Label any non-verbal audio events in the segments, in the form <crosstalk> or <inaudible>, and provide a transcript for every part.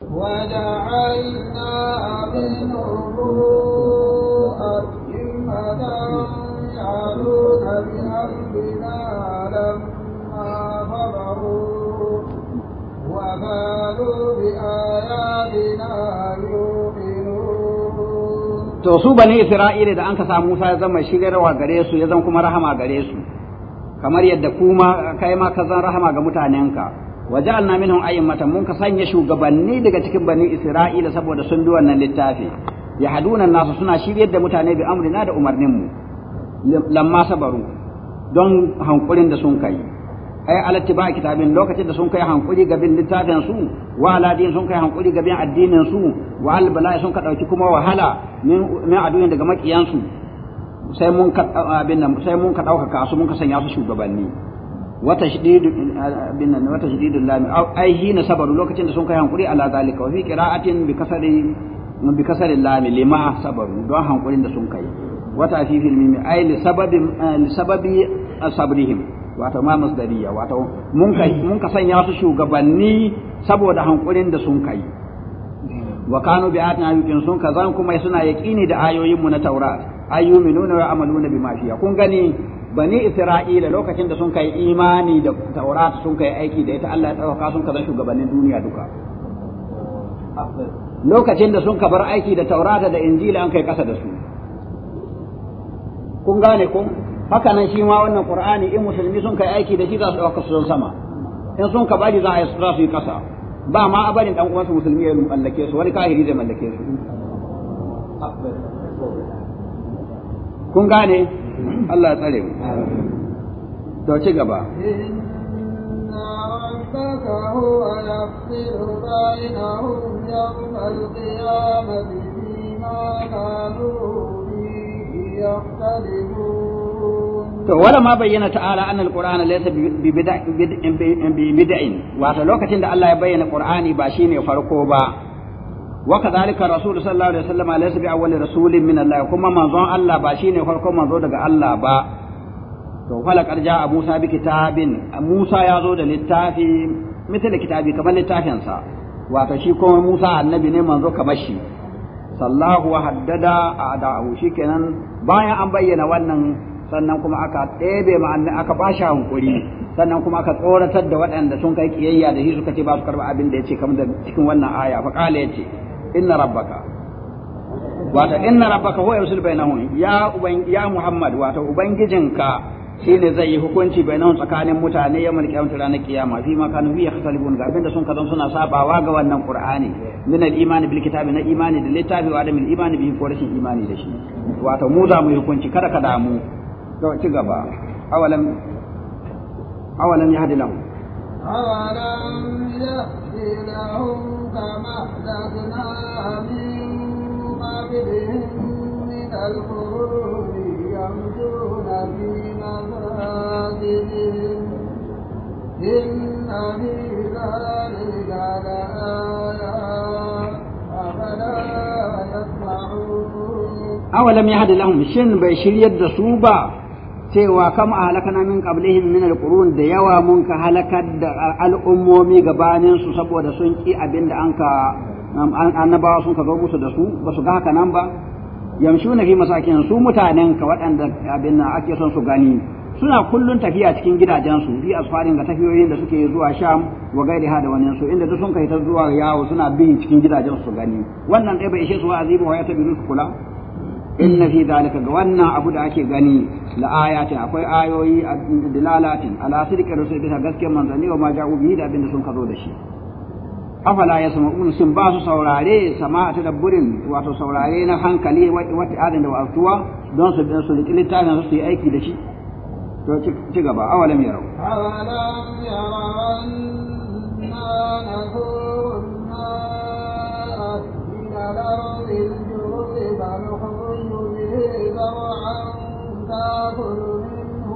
وجعلنا to su bani Isra'ila da an ka samu Musa ya zama rawa gare su ya zama kuma rahama gare su kamar yadda kuma kai ma ka zan rahama ga mutanenka وجعلنا منهم أئمة منك سنة شوغبني daga cikin banin Isra'ila saboda sun bi wannan littafi yahduna nasu suna shiryar da mutane bi amrina da umarnin mu lamma sabaru don hankulin da sun kai ai alattiba kitabin lokacin da sun kai hankuli ga bin littafin su wa aladin sun kai hankuli ga bin addinin su wa albala'i sun ka dauki kuma wahala min aduyin daga makiyansu sai mun ka abin nan sai mun ka dauka su mun ka sanya su shugabanni وتشديد وتشديد اللام أي حين صبروا لو كتن سنك هنقولي على ذلك وفي قراءة بكسر بكسر اللام لما صبروا دعا هنقولي سنك وتعفيف الميم أي لسبب لسبب صبرهم wato ma masdariya wato mun kai mun ka sanya su shugabanni saboda hankulin da sun kai wa kanu bi atina yuqin sun kazan kuma suna yaqini da ayoyin mu na taurat ayyuminuna wa amaluna bima fiya kun gani bani isra'ila lokacin da sun kai imani da taurat sun kai aiki da ita Allah ya ɗaukaka sun kazan shugabannin duniya duka lokacin da sun ka bar aiki da taurata da injila an kai ƙasa da su kun gane kun haka nan shi ma wannan qur'ani in musulmi sun kai aiki da shi za su ɗauka su sama in sun ka bari za a yi za su yi ƙasa ba ma abarin barin ɗan uwansu musulmi ya mallake su wani kahiri zai mallake su kun gane Allah tsare mu to ci gaba To wala ma bayyana ta'ala annal Qur'ana laysa bi bid'in wato lokacin da Allah ya bayyana Qur'ani ba shine farko ba وكذلك الرسول صلى الله عليه وسلم ليس بأول رسول من الله كما منظون الله باشين فرقم منظون دقى الله با فلقد جاء موسى بكتاب موسى يزود للتافي مثل كتابي كما للتافينسا وتشيكم موسى النبي نمنظو كمشي sallahu wa haddada a da'ahu kenan bayan an bayyana wannan sannan kuma aka ɗebe ma'annin aka bashi hankuri sannan kuma aka tsoratar da waɗanda sun kai kiyayya da shi suka ce ba su karɓa abin da ya ce kamar da cikin wannan aya fa ƙala ya ce inna rabbaka wato inna rabbaka huwa yusul bainahum ya uban ya muhammad wato ubangijinka shine zai yi hukunci bainahum tsakanin mutane ya mulki ranar kiyama fi ma kanu ga abinda sun suna sabawa ga wannan qur'ani min al-imani bil kitabi na imani da littafi wa imani ko rashin imani da shi wato mu za mu hukunci kada ka damu ci gaba awalam awalam أولم يأت لهم كما أهلكنا من قبلهم من القرون يمشون في مساجدهم إن في ذلك لآيات أفلا يسمعون أولم يهد لهم شن بيشير يد صوبة cewa kam a halakana min qablihim min alqurun da yawa mun ka halakar da al'ummomi gabanin su saboda sun ki abin da an ka annabawa sun ka zo musu da su ba su ga haka nan ba na fi masakin su mutanen ka waɗanda abin ake son su gani suna kullun tafiya cikin gidajensu bi asfarin ga tafiyoyin da suke zuwa sham wa gairi ha da wani su inda duk sun kai ta zuwa yawo suna bin cikin gidajensu su gani wannan ɗaya bai ishe su wa'azi ba wa ya tabi kula inna fi zalika ga wannan abu da ake gani la ayatin akwai ayoyi dilalatin ala sirka rusul bisa gaskiyar manzanni wa ma ja'u bihi da abinda sun kazo da shi afala yasma'un sun ba su saurare sama'a dabburin wato saurare na hankali wata adin da wa'tuwa don su su riƙi littafin su yi aiki da shi to ci gaba awalam yarau awalam yarau تاكل منه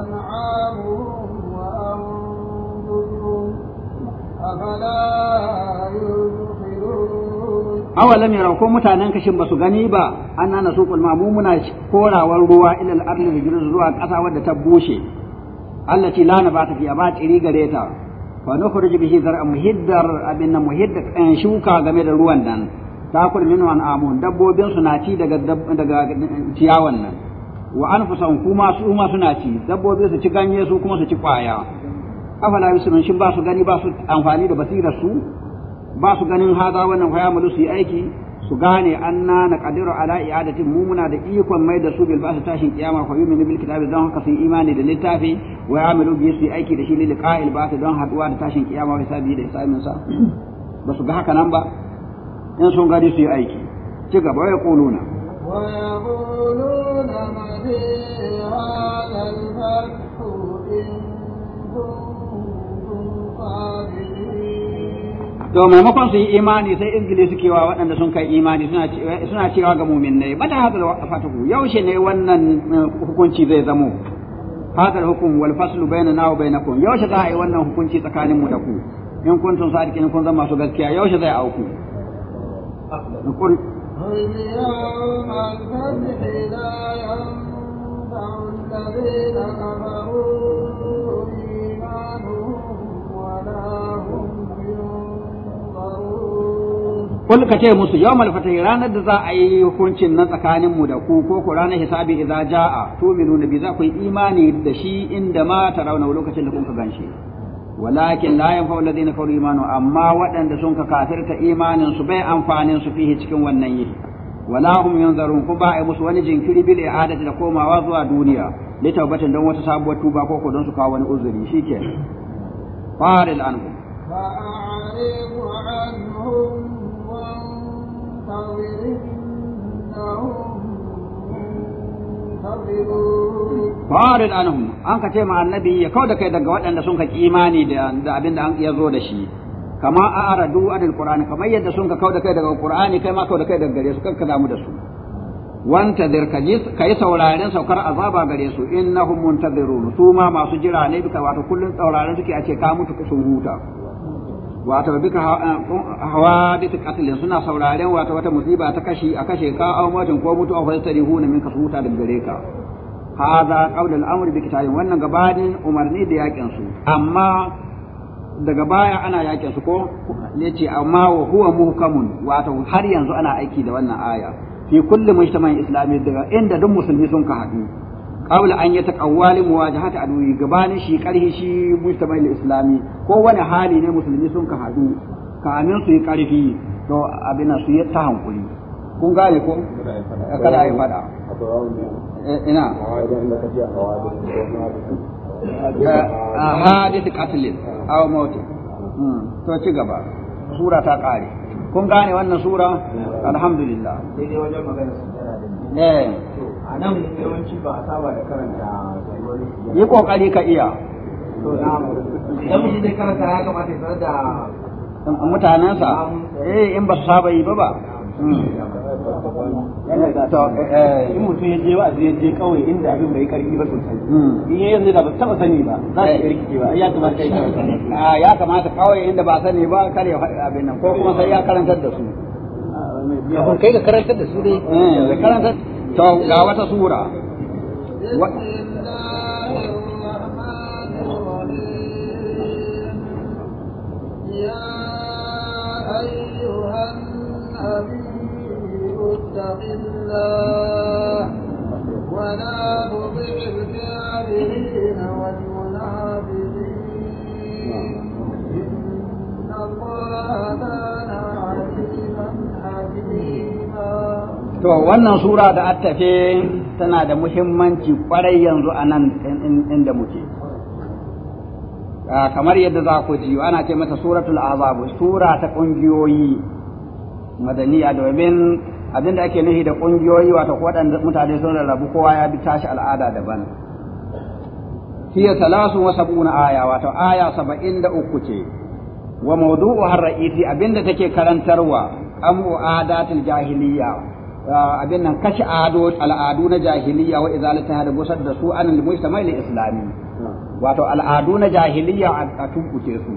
أنعامهم وأنفسهم أفلا yara ko mutanen kashin basu gani ba anna kulma mu muna korawar ruwa ilal ardi rijrun zuwa kasa wadda ta bushe allati la ta fiya ba tsiri gare ta fa nukhrij bihi zar'a muhiddar abinna muhiddar an shuka game da ruwan nan ta kullu minhu an amun dabbobin su na ci daga daga ciyawan nan wa anfusan kuma su ma suna ci dabbobi su ci ganye su kuma su ci kwaya afala yusrun shin ba su gani ba su amfani da basirar su ba su ganin haza wannan fa mulu su yi aiki su gane anna na qadiru ala i'adatin mu muna da ikon mai da su bil su tashin kiyama fa yumin bil kitabi don haka su yi imani da littafi wa ya'malu bi su yi aiki da shi lil qa'il su don haduwa da tashin kiyama hisabi da hisabin sa ba su ga haka nan ba in sun gadi su yi aiki ci gaba ya kuluna ويقولون متى هذا الفتح إن كنتم to maimakon su yi imani sai izgile suke wa waɗanda sun kai imani suna cewa ga muminai mata hadal fatahu yaushe ne wannan eh, hukunci zai zamo hadal hukum wal faslu na wa kun? yaushe za a yi wannan hukunci tsakanin mu da ku in kun sadiki in kun zama su gaskiya yaushe zai auku قل ka ce musu yau malfatai ranar da za a yi hukuncin nan tsakaninmu da ku ko ku ranar hisabi idza ja'a tuminu bi za ku yi imani da shi inda ma ta rauna lokacin da kun ka shi walakin la yanfa alladhina kafaru imanu amma waɗanda sun ka kafirta imanin su bai amfanin su fihi cikin wannan yi wala hum yanzarun ku ba ai musu wani jinkiri bil i'adati da komawa zuwa duniya li tawbatin don wata sabuwar tuba ko ko dan su kawo wani uzuri shike faril anhu anhum wa Ba'arin anhum an ka ce ma annabi ya kawo da kai daga waɗanda sun ka imani da abin da an ya zo da shi kama a aradu adil qur'ani kamar yadda sun ka kawo da kai daga qur'ani kai ma kawo da kai daga gare su kan ka damu da su wanta dir ka yi sauraren saukar azaba gare su innahum muntazirun su ma masu jira ne duka wato kullun sauraren suke a ce ka mutu sun huta wato duka hawa da eh, ta katilin suna sauraren wato wata musiba ta kashi a kashe ka aw mutum ko mutu aw fastari huna min kasuta da gare ka hadha qawlu al-amr bi kitabin wannan gabanin umarni da yakin su amma daga baya ana yakin su ko yace amma wa huwa muhkamun wato har yanzu ana aiki da wannan aya fi kulli mujtama'in islami daga inda duk musulmi sun ka hadu qabla an yataqawwa li muwajahati adwi gabanin shi karhi shi mujtama'il islami ko wani hali ne musulmi sun ka hadu kamin su yi karfi to abin su yi ta hankuli kun gane ko kada ai fada ina ah, hadith qatlin aw mawt hmm, to ci gaba sura ta kare gane wannan sura a nan yawanci ba a saba da karanta yi kokari ka iya idan mutum zai karanta ya kamata ya sanar da mutanensa eh in ba su saba yi ba ba hmm. eh, eh, in mutum ya je ba ya je kawai inda abin bai karfi ba sosai hmm. in yi yanzu da ba taba sani ba za su eh. rikice ba ya kamata ah, ya kamata kawai inda ba sani ba kare abin nan ko kuma sai ya karantar da su ah, kai ka karantar da su dai to ga wata sura Yeah. to wannan sura da attafe tana da muhimmanci kwarai yanzu a nan inda muke ah, kamar yadda za ku ji ana ce mata suratul azab sura ta kungiyoyi madaniya domin abinda ake nufi da kungiyoyi wato waɗanda mutane sun rarrabu kowa ya bi tashi al'ada daban hiya talasu wa sab'una aya wato aya 73 ce wa mawdu'u har raisi abinda take karantarwa amu adatul jahiliya abin nan kashe al'adu na jahiliya wa izalata hada gusar da su anil mujtama'i islami wato al'adu na jahiliya a tunkuke su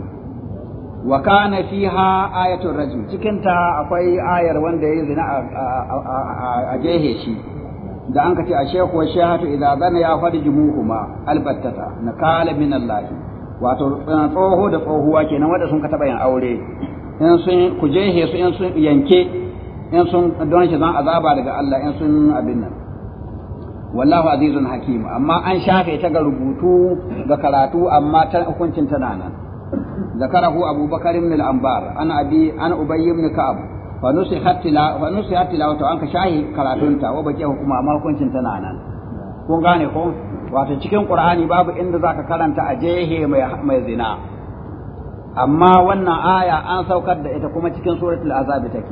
wa kana fiha ayatul rajul cikin ta akwai ayar wanda yayi zina a jehe shi da an kace a shekwa wa shehatu idza zana ya farjumuhuma albattata kala min allahi wato tsoho da tsohuwa kenan wanda sun ka taba yin aure in sun ku jehe su in sun yanke in sun don shi zan azaba daga Allah in sun abin nan wallahu azizun hakim amma an shafe ta ga rubutu ga karatu amma ta hukuncin tana nan ذكره أبو بكر من الأنبار أنا أبي أنا أبي بن كعب فنصحت تلا فنصحت تلاوته عنك شاهي كراتونتا وبجيه كما أمر كنت تنانا kun gane ko wato cikin qur'ani babu inda zaka karanta a jehe mai mai zina amma wannan aya an saukar da ita kuma cikin suratul azab take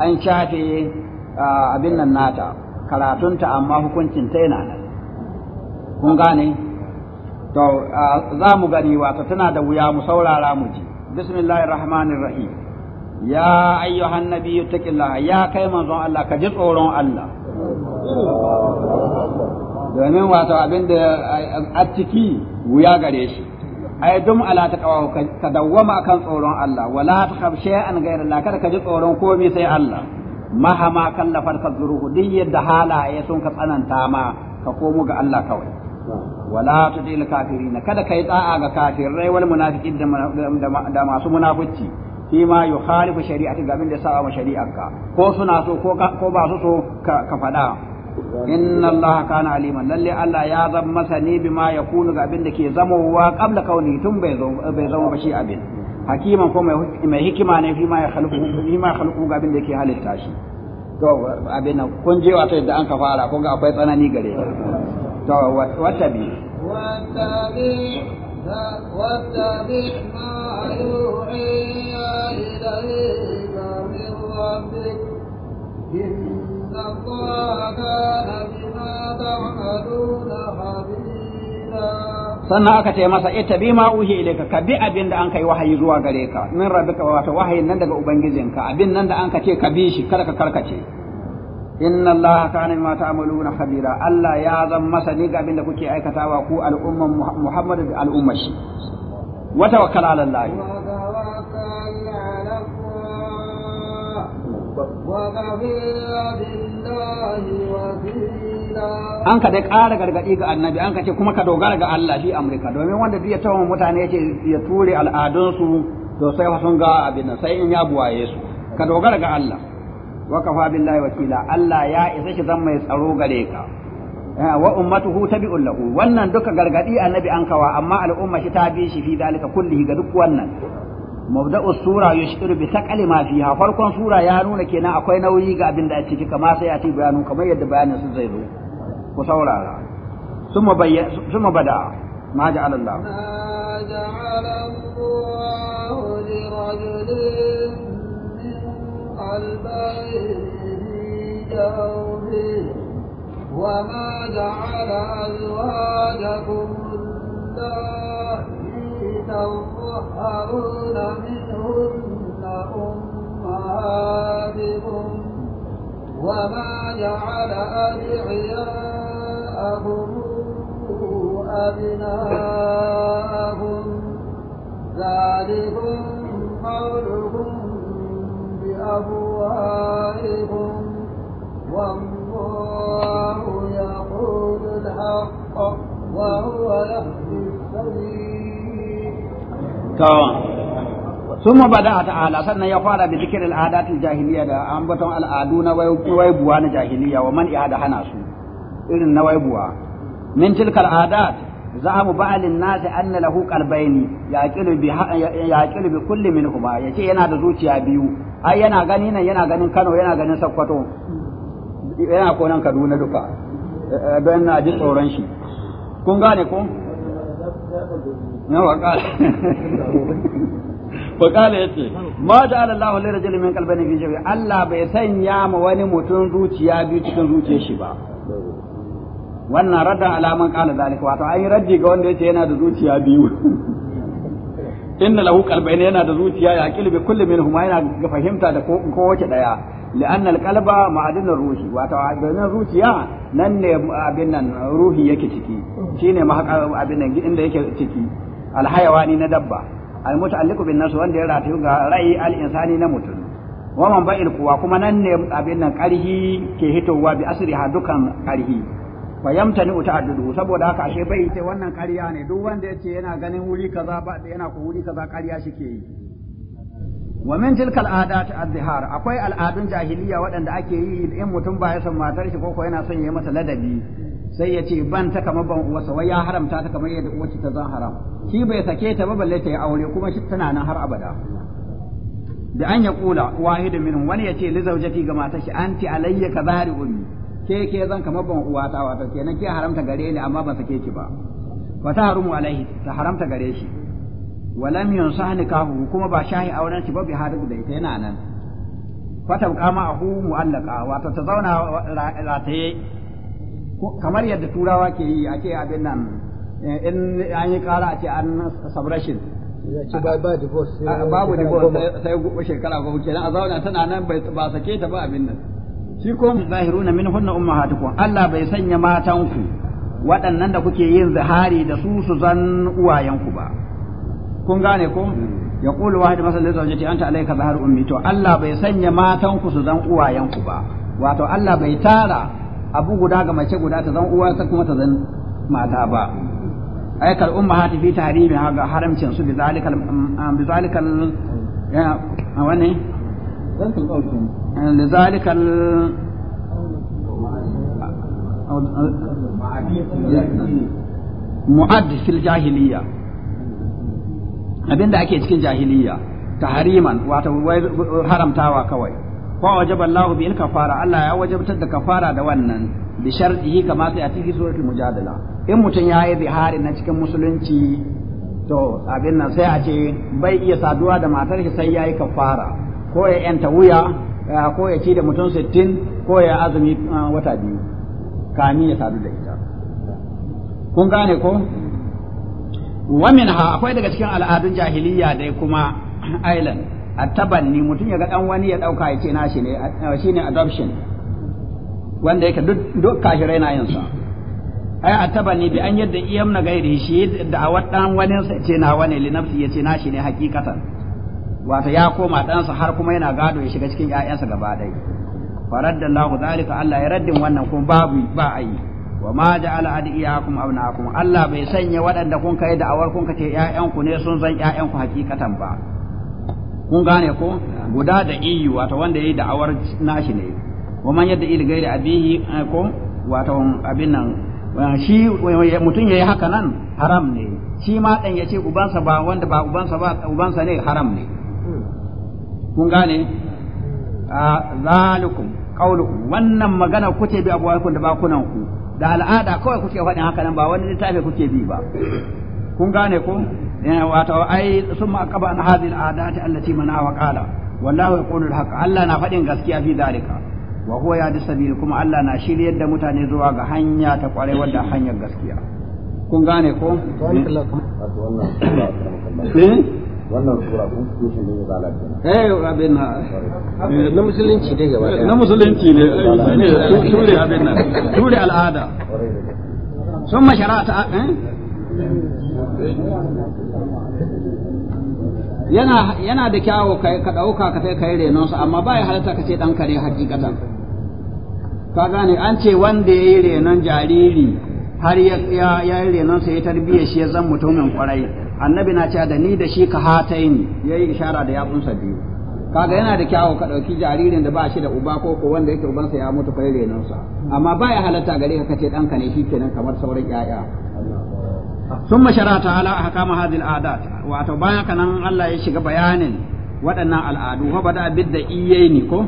an shafe abin nan nata karatunta amma hukuncin ta yana nan kun gane to za mu gani wata tana da wuya mu saurara mu ji bismillahir rahmanir rahim ya ayyuhan nabiyyu taqillaha ya kai manzon Allah ka ji tsoron Allah domin wato abin da a ciki wuya gare shi ai dum ala ta kawahu ka dawwama kan tsoron Allah wala ta khabshe an ghayra Allah kada ka ji tsoron komai sai Allah mahama kallafar ka zuruhu din yadda halaye sun ka tsananta ma ka komo ga Allah kawai wala ta dil kafirina kada kai tsa'a ga kafirai wal munafiqin da masu munafici Sima ma khalifu shari'ati ga abin da sa'a ma shari'arka ko suna so ko ba su so ka fada inna allaha kana aliman lalle Allah ya zama masani bima yakunu ga abin da ke zamowa qabla kauni tun bai zama ba shi abin hakiman ko mai hikima ne fi ma ya khalqu fi ma khalqu ga abin da ke halitta shi to abin nan kun je wata da an ka fara kun ga akwai tsanani gare to wata bi واتبع ما يوحي إليك من ربك sannan aka ce masa ita bi ma uhi ilayka ka bi abin da an kai wahayi zuwa gare ka min rabbika wato wahayin nan daga ubangijinka abin nan da an ka ce ka bi shi kada ka karkace inna allaha kana bima ta'maluna khabira allah ya zan masa ni ga abin da kuke aikatawa ku al'umman muhammad da al'ummashi wa tawakkal ala allah an ka dai ƙara gargaɗi ga annabi an ka ce kuma ka dogara ga Allah shi Amurka domin wanda duk ya mutane ya ce ya ture al'adunsu to sai fa sun ga abin nan sai in ya buwaye su ka dogara ga Allah wa kafa billahi wakila Allah ya isa shi zan mai tsaro gare ka eh, wa ummatuhu tabi'un lahu wannan duka gargaɗi annabi an kawa amma al'umma shi ta bi shi fi dalika kulli ga duk wannan mabda'u sura yushiru bi taqali ma fiha farkon sura ya nuna kenan akwai nauyi ga abin da a ciki sai a ci bayanu kamar yadda bayanin su zai zo ku saurara Suma bayya summa bada ma ja'ala Allah ma ja'ala Allah وما جعل الله تظهرون منهن أمهاتكم وما جعل أدعياءهم أبناءهم ذلكم قولهم بأبوائهم والله يقول الحق وهو يهدي kawan sun mabada a ala sannan ya fara da jikin al'adatun jahiliya da ambaton al'adu na waibuwa na jahiliya wa man iya da hana su irin na waibuwa min tilka adat za mu ba'alin nasi an na lahu kalbaini ya kilu bi kulli kuma ya ce yana da zuciya biyu ai yana gani nan yana ganin kano yana ganin sakkwato yana konan kaduna duka eh, don na ji tsoron shi kun gane ko nawa qala fa qala yace ma ja'ala Allahu li rajulin min qalbayni fi jawi Allah bai ya ma wani mutum zuciya biyu cikin zuciyar shi ba wannan radda alaman qala zalika wato an yi raddi ga wanda yace yana da zuciya biyu inna lahu qalbayn yana da zuciya ya aqilu bi kulli minhuma yana ga fahimta da ko wace daya لأن القلب معدن الروح وتعدن الروحيا نن abin nan ruhi yake ciki shine mahaka abin nan inda yake ciki alhayawani na dabba almutaalliqu bin nas wanda ya ratayu ga rai al insani na mutum wa man ba'il kuwa kuma nan ne abin nan karhi ke hitowa bi asriha dukan ni fa yamtani ta'addudu saboda haka ashe bai ce wannan ƙarya ne duk wanda ya ce yana ganin wuri kaza ba yana ko wuri kaza ƙarya shike yi wa min tilka al'adat az-zihar akwai al'adun jahiliya waɗanda ake yi in mutum ba ya son matar shi koko yana son ya mata ladabi sai ya ce ban ta kamar ban uwarsa wai ya haramta ta kamar yadda uwarsa ta zan haram shi bai sake ta ba balle ta yi aure kuma shi tana nan har abada da an ya kula wahidun min wani ya ce li zaujati ga matar shi anti alayya ka zari ummi ke ke zan kamar ban uwata wato kenan ke haramta gare ni amma ban sake ki ba wa ta harumu alaihi ta haramta gare shi walam yunsah nikahu kuma ba shahi auren shi ba bi hadu da ita yana nan fatab qama ahu mu'allaqa wato ta zauna rataye kamar yadda turawa ke yi ake abin nan eh, in an yi kara a ce an sabrashin babu divorce sai shekara goma kenan a zauna tana nan ba sake ta ba abin nan shi ko zahiruna min hunna ummahatukum Allah bai sanya matanku waɗannan da kuke yin zahari da su su zan uwayenku ba kun gane ko hmm. ya kulu wahid masal zawjati anta alayka zahar ummi to Allah bai sanya matan ku su zan uwayen ku ba wato Allah bai tara abu guda ga mace guda ta zan uwa ta kuma ta zan mata ba aikal ummahati fi tahrimi haga haramcin su bizalikal mm, bizalikal ya wani lizalikal mu'add fil jahiliyya Abin da ake cikin jahiliya tahriman wato haramtawa kawai fa wajaba Allah bi kafara Allah ya wajabtar da kafara da wannan bi shartihi kama sai a cikin suratul mujadala in mutum ya yi zihari na cikin musulunci to abin nan sai a ce bai iya saduwa da matar shi sai yayi kafara ko ya yanta wuya ko ya ci da mutum sittin ko ya azumi uh, wata biyu kamin ya sadu da ita kun gane ko wa ha akwai daga cikin al'adun jahiliya dai kuma <clears throat> island a tabanni mutum ya ga dan wani ya dauka ya ce na shi ne shi ne adoption wanda yake duk duk kashirai na yin sa ai tabanni bi an yadda iyam na gairi shi da a wadan wani sa ce na wani li nafsi ya ce na shi ne hakikatan wato ya koma ɗansa har kuma yana gado ya shiga cikin ƴaƴansa gaba ɗaya faradda Allah zalika Allah ya raddin wannan kuma babu ba yi. wa ma ja'ala adiyakum abnaakum Allah bai sanya waɗanda kun kai da awar kun kace ƴaƴanku ne sun zan ƴaƴanku hakikatan ba kun gane ko guda da iyu wato wanda yayi da awar nashi ne wa man yadda il gairi abihi eh, ko wato abin nan eh, shi eh, mutum yayi haka nan haram ne shi ma dan yace ubansa ba wanda ba ubansa ba ubansa ne haram ne kun gane ah, zalikum qawlu wannan magana kuke bi abuwaikun da bakunan ku da al'ada kawai kuke faɗin haka nan ba wani littafi kuke bi ba kun gane ko eh, wato ai sun ma an hadhihi al'adati allati mana wa qala wallahu yaqulu al-haq Allah na faɗin gaskiya fi zalika wa huwa yahdi sabil kuma Allah na shiryar da mutane zuwa ga hanya ta kware wadda hanyar gaskiya kun gane ko wannan yana da kyawo kai ka dauka ka kai kai renon sa amma bai halatta ka ce dan kare hakikatan ka gane an ce wanda yayi renon jariri har ya ya renon sa ya tarbiya shi ya zan mutumin kwarai annabi na cewa da ni da shi ka ya yi ishara da yatsunsa biyu kaga yana da kyawu ka dauki jaririn da ba shi da uba ko ko wanda yake ubansa ya mutu kai renon sa amma ya halatta gare ka kace danka ne shikenan kamar sauran yaya ثم شرع adat أحكام هذه العادات وأتبايا Allah ya shiga bayanin waɗannan al'adu wa bada bid da iyayi ko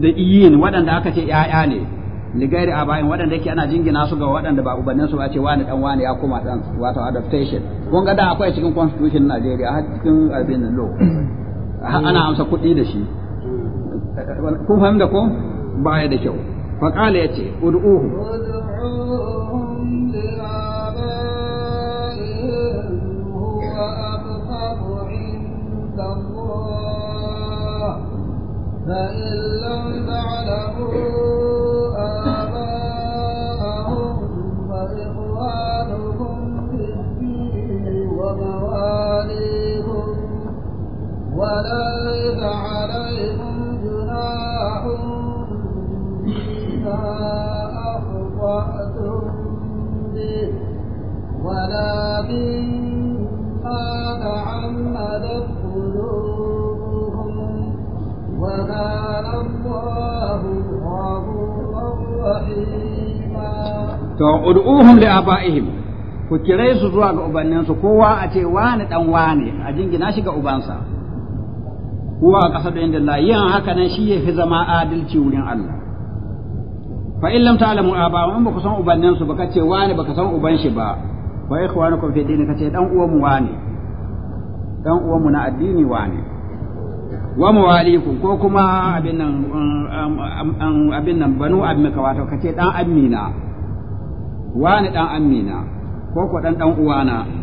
da iyayi waɗanda aka ce ‘ya'ya ne ligairi bayan waɗanda ke ana jingina su ga waɗanda ba ubannin su ba ce wani dan wani ya koma dan wato adaptation kun ga da akwai cikin constitution Najeriya har cikin abin law ana amsa kuɗi da shi kun fahimta ko baya da kyau fa qala yace ud'uhu فإن لم فليس عليكم جناح فيما أخطأتم به ولكن ما تعمدت قلوبهم وكان الله غفورا رحيما aba'ihim ku kire su zuwa ga ubanninsu kowa a ce wani dan wani a jingina shi ga ubansa huwa aqsadu da Allah yin haka nan shi fi zama adalci wurin Allah fa in lam ta'lamu aba in baka san ubannin su baka ce wani baka san uban shi ba wa ikhwanukum fi dini kace dan uwanmu mu wani dan uwanmu mu na addini wani wa mawalikum ko kuma abin nan um, um, um, abin nan banu ammika wato kace dan ammina wani dan ammina ko ko dan dan uwana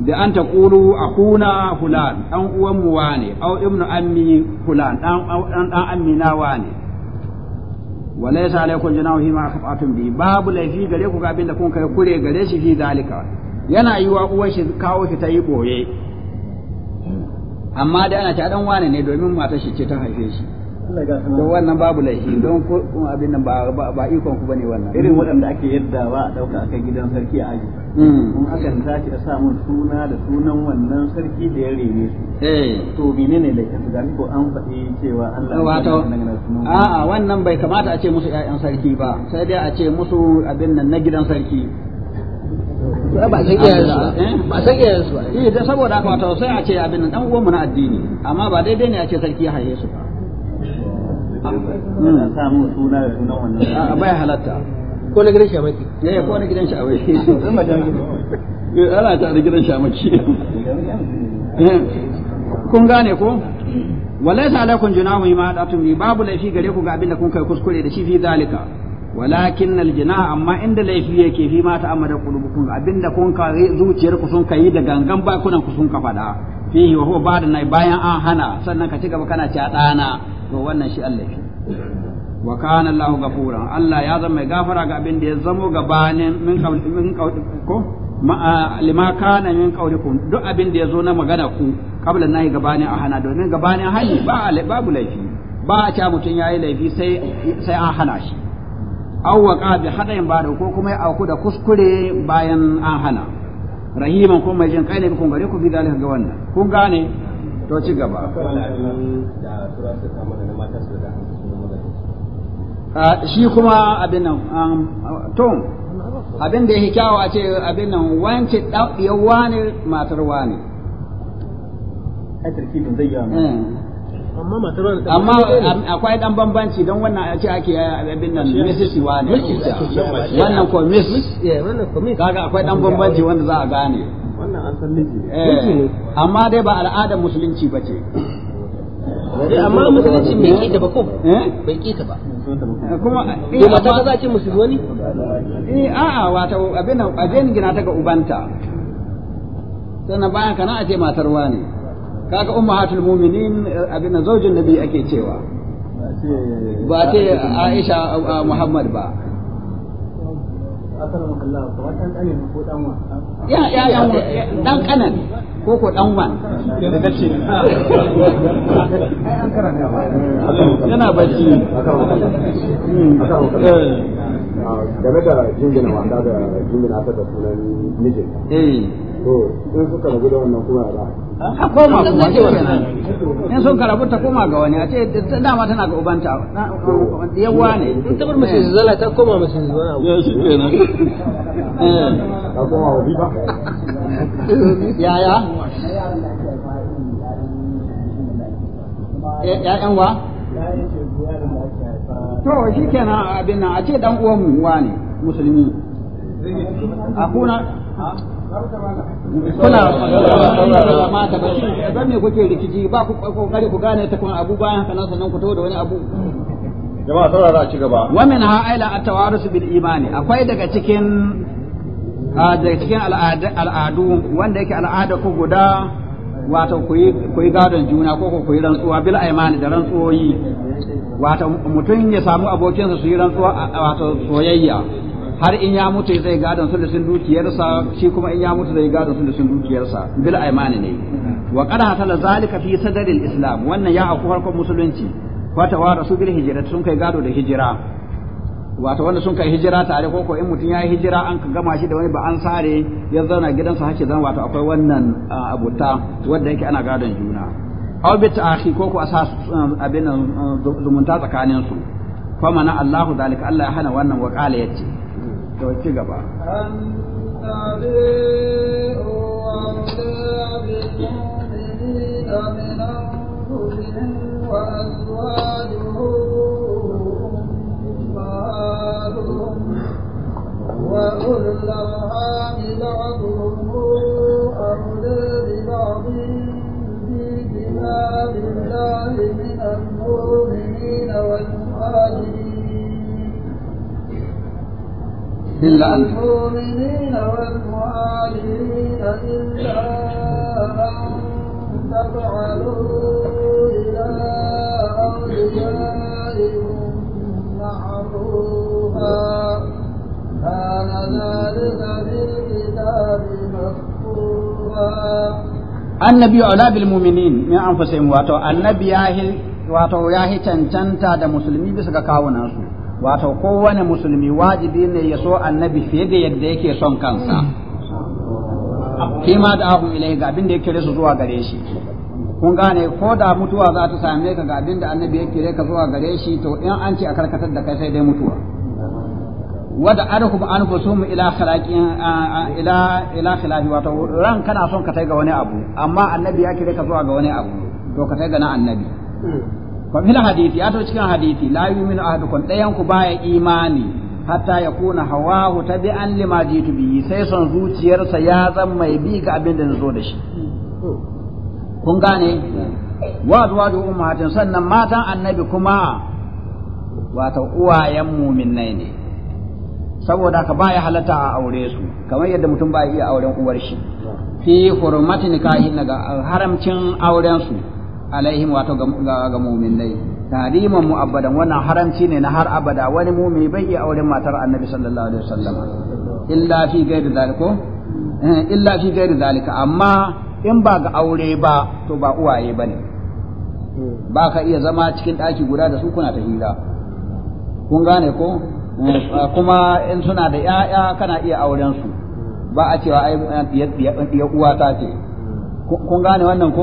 da an taqulu akuna fulan dan uwan mu wane au ibnu ammi fulan dan dan dan ammi na wane walaysa ku jinahu hima akhfatum bi babu laifi gare ku ga abin da kun kai kure gare shi fi zalika yana yiwa uwar shi kawo shi ta yi boye amma da ana ta dan wane ne domin matar shi ce ta haife shi don wannan babu laifi don kuma abin nan ba ikon ku bane wannan irin waɗanda ake yadda ba a ɗauka a kan gidan sarki a aji hmm. in aka tashi a samun suna da sunan wannan sarki da ya rene su eh. to ne laifin su gani ko an faɗi cewa Allah wato a'a wannan bai kamata a ce musu ƴaƴan sarki ba sai dai a ce musu abin nan na gidan sarki ba san iyayensu eh? ba san iyayensu ba eh saboda haka wato sai a ce abin nan dan uwan mu na addini amma ba daidai ne a ce sarki ya haye su ba samu suna da sunan wannan a bai halatta ko na gidan shamaki ne eh, ko na gidan shamaki <laughs> ana ta da gidan shamaki eh, kun gane ko walaysa alaikum junahun ma da tumi babu laifi gare ku ga abin da kun kai kuskure da shi fi zalika walakin al aljina amma inda laifi yake fi ma ta'ammada qulubukum abinda kun ka zuciyar ku sun kai da gangan bakunan ku sun ka fada fihi wa huwa ba'da nay bayan an hana sannan ka ci gaba kana ci dana to wannan shi Allah shi wa kana Allahu gafura Allah ya zama mai gafara ga abin da ya zamo gabanin min kauli min kauli ko lima kana min kauli qawlikum duk abin da ya zo na magana ku kabla nayi gabanin a hana domin gabanin hali ba babu laifi ba a ca mutun yayi laifi sai sai an hana shi aw waqa bi hadayin ba da ko kuma ya auku da kuskure bayan an hana rahiman kuma mai jin kai ne kun gare ku bi dalil ga wannan kun gane to ci gaba shi kuma abin nan um, to abin da a ce abin nan wance wani matar wani eh. amma akwai dan bambanci don wannan a ce ake eh, abin nan Mrs. wani wannan ko eh, akwai dan bambanci wanda za a gane wannan eh, ne amma dai ba al'adar musulunci ba ce eh, amma musulunci bai kita ba ko eh? bai kita ba kuma eh mata ba za ce musulmi eh a'a wato abin abin gina ta ga ubanta sannan bayan kana a ce matar wani kaga ummahatul mu'minin abin zaujin nabi ake cewa ba ce Aisha Muhammad ba ya ya ya dan kanan ko ko dan yana bacci game da jingina wanda da jingina ta da sunan mijin eh. to in suka rabu da wannan kuma ba a koma kuma ce wannan in sun karabu ta koma ga wani a ce dama tana ga ubanta yawa ne in ta mace zala ta koma mace zala ya shi kenan ta koma wa biba yaya wa to shi kenan abin nan a ce dan uwan mu ne musulmi a kuna kuna mata ba shi dan me kuke rikici ba ku kokari ku gane ta kun abu bayan haka nan sannan ku tawo da wani abu jama'a saurara a ci wa min ha aila at-tawarus bil imani akwai daga cikin daga cikin al'adu wanda yake al'ada ku guda wato ku yi gadon juna ko ku yi rantsuwa bil aimani da rantsuwoyi wato mutum ya samu abokinsa su yi rantsuwa wato soyayya har in ya mutu zai gadon sun dukiyarsa shi kuma in ya mutu zai gadon sun dukiyarsa bil aimani ne wa qad hasala zalika fi sadril islam wannan ya aku harkon musulunci fatawa rasul bil hijra sun kai gado da hijira wato wanda sun kai hijira tare ko ko in mutum ya yi hijira an ka gama shi da wani ba an sare ya zauna gidansa hake zan wato akwai wannan abuta wanda yake ana gadon juna aw bi ta'akhi ko ko asas abin zumunta tsakanin su fa mana Allahu zalika Allah ya hana wannan wa qala yace to ci gaba وأزواجه بعضهم وأولو الأرحام بعضهم أولى في كتاب الله من المؤمنين والمهاجرين إلا المؤمنين والمهاجرين إلا أن تفعلوا إلى أوليائكم annabi كان ذلك في الكتاب مكروها annabi ala bil mu'minin min anfusihim wato annabi yahi wato cancanta da musulmi bisa ga kawunan su wato kowane musulmi wajibi ne ya so annabi fiye da yadda yake son kansa kima da abu ilai ga abin da ya kire su zuwa gare shi kun gane ko da mutuwa za ta same ka ga abin da annabi ya kire ka zuwa gare shi to in an ce a karkatar da kai sai dai mutuwa wada arhum anfusum ila khalaqin ila ila khilafi wato ran kana son ka kai ga wani abu amma annabi ya kire ka zuwa ga wani abu to ka kai ga na annabi fa fil hadisi ya to cikin hadisi la yu'minu ahadukum dayan ku baya imani hatta ya yakuna hawahu tabi'an lima jitu bihi sai son zuciyarsa ya zama mai bi ga abin da zo da shi kun gane wa zuwa da ummahatin sannan matan annabi kuma wata uwayen muminai ne saboda ka baya halatta a aure su kamar yadda mutum baya iya auren uwar shi fi hurmati nikahin ga haramcin auren su alaihim wato ga muminai tariman mu abadan wannan haramci ne na har abada wani mumini bai iya auren matar annabi sallallahu alaihi wasallam illa fi gairi zalika eh, illa fi gairi zalika amma in ba ga aure ba to ba uwaye ba ne hmm. ba ka iya zama cikin ɗaki guda da su kuna ta hira kun gane ko hmm. ah, kuma in suna da ‘ya'ya kana iya auren su hmm. ba a cewa ai ya uwa ta ce kun gane wannan ko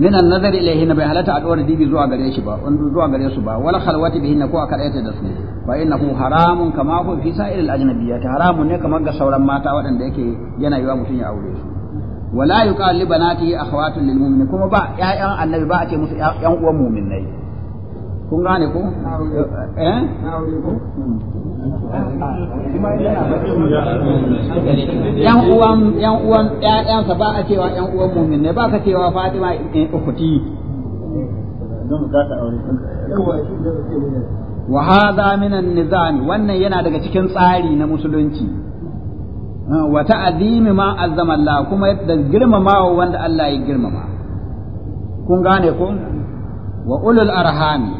min an-nazari ilayhi na bai halatta a dora dibi zuwa gare shi ba zuwa gare su ba wala khalwati na ko a kadaita da su fa innahu haramun kama hu fi sa'iril ajnabiyyati haramun ne kamar ga sauran mata waɗanda yake yana yiwa mutum ya aure su wala yuqal li banati akhwatun lil mu'minin kuma ba ƴaƴan annabi ba a ce musu ƴan uwan mu'minai kun gane ko yan eh? uwan yan uwan ƴaƴansa ba a cewa ƴan uwan mu'minai ba ka cewa Fatima in eh, ukhti wa hadha min an wannan yana daga cikin tsari na musulunci wa ta'zimi ma azzama Allah kuma da girmamawa wanda Allah ya girmama kun gane ko wa ulul arhami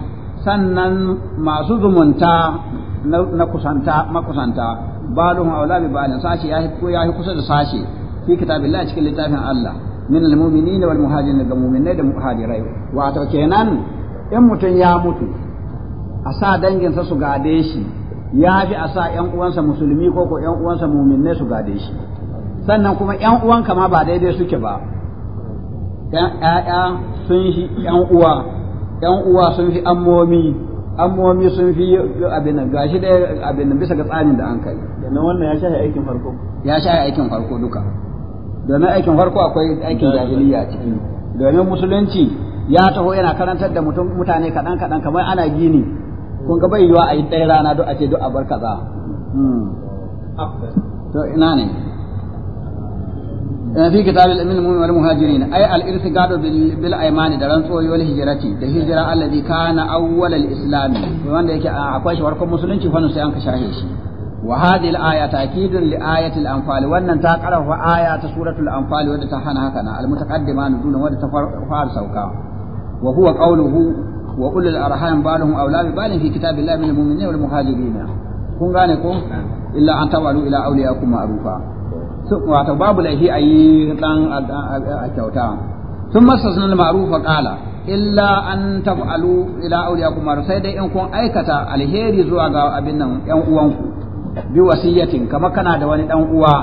sannan masu zumunta na kusanta makusanta baluhum aula bi balin sashi yahi ko yahi kusa da sashi fi kitabillahi cikin littafin Allah min almu'minina wal muhajirin da mu'minai da muhajirai wato kenan in mutum ya mutu a sa danginsa su gade shi ya fi a sa ‘yan uwansa musulmi ko ko ‘yan uwansa muminai su gade shi sannan kuma ‘yan uwan kama ba daidai suke ba ‘ya'ya sun fi ‘yan uwa ‘yan uwa sun fi ammomi ammomi sun fi abin da gashi da abin da bisa ga tsarin da an kai domin wannan ya shahi aikin farko ya shahi aikin farko duka domin aikin farko akwai aikin jahiliya ciki domin musulunci ya taho yana karantar da mutane kaɗan kaɗan kamar ana gini kun ga bai yiwa a yi ɗaya rana duk ce duk a bar kaza. Hmm. To ina ne? Ina fi kitab al-amin gado bil aymani da ran soyo wal hijrati da hijra alladhi kana awwal al-islam wanda yake akwai shi warkon musulunci fa sai an ka shahe shi wa hadhihi al-aya wannan ta karafa aya ta suratul anfal wadda ta hana haka na al-mutaqaddima nuzulun wadda ta fara sauka wa huwa wa ulul arham ba'dhum awla bi ba'dhin fi kitabillahi minal mu'minina wal muhajirin kun gane ko illa an tawalu ila awliyakum ma'rufa wato babu laifi a yi dan a kyauta sun masa sunan ma'rufa qala illa an taf'alu ila awliyakum ma'rufa sai dai in kun aikata alheri zuwa ga abin nan yan uwanku bi wasiyatin kamar kana da wani dan uwa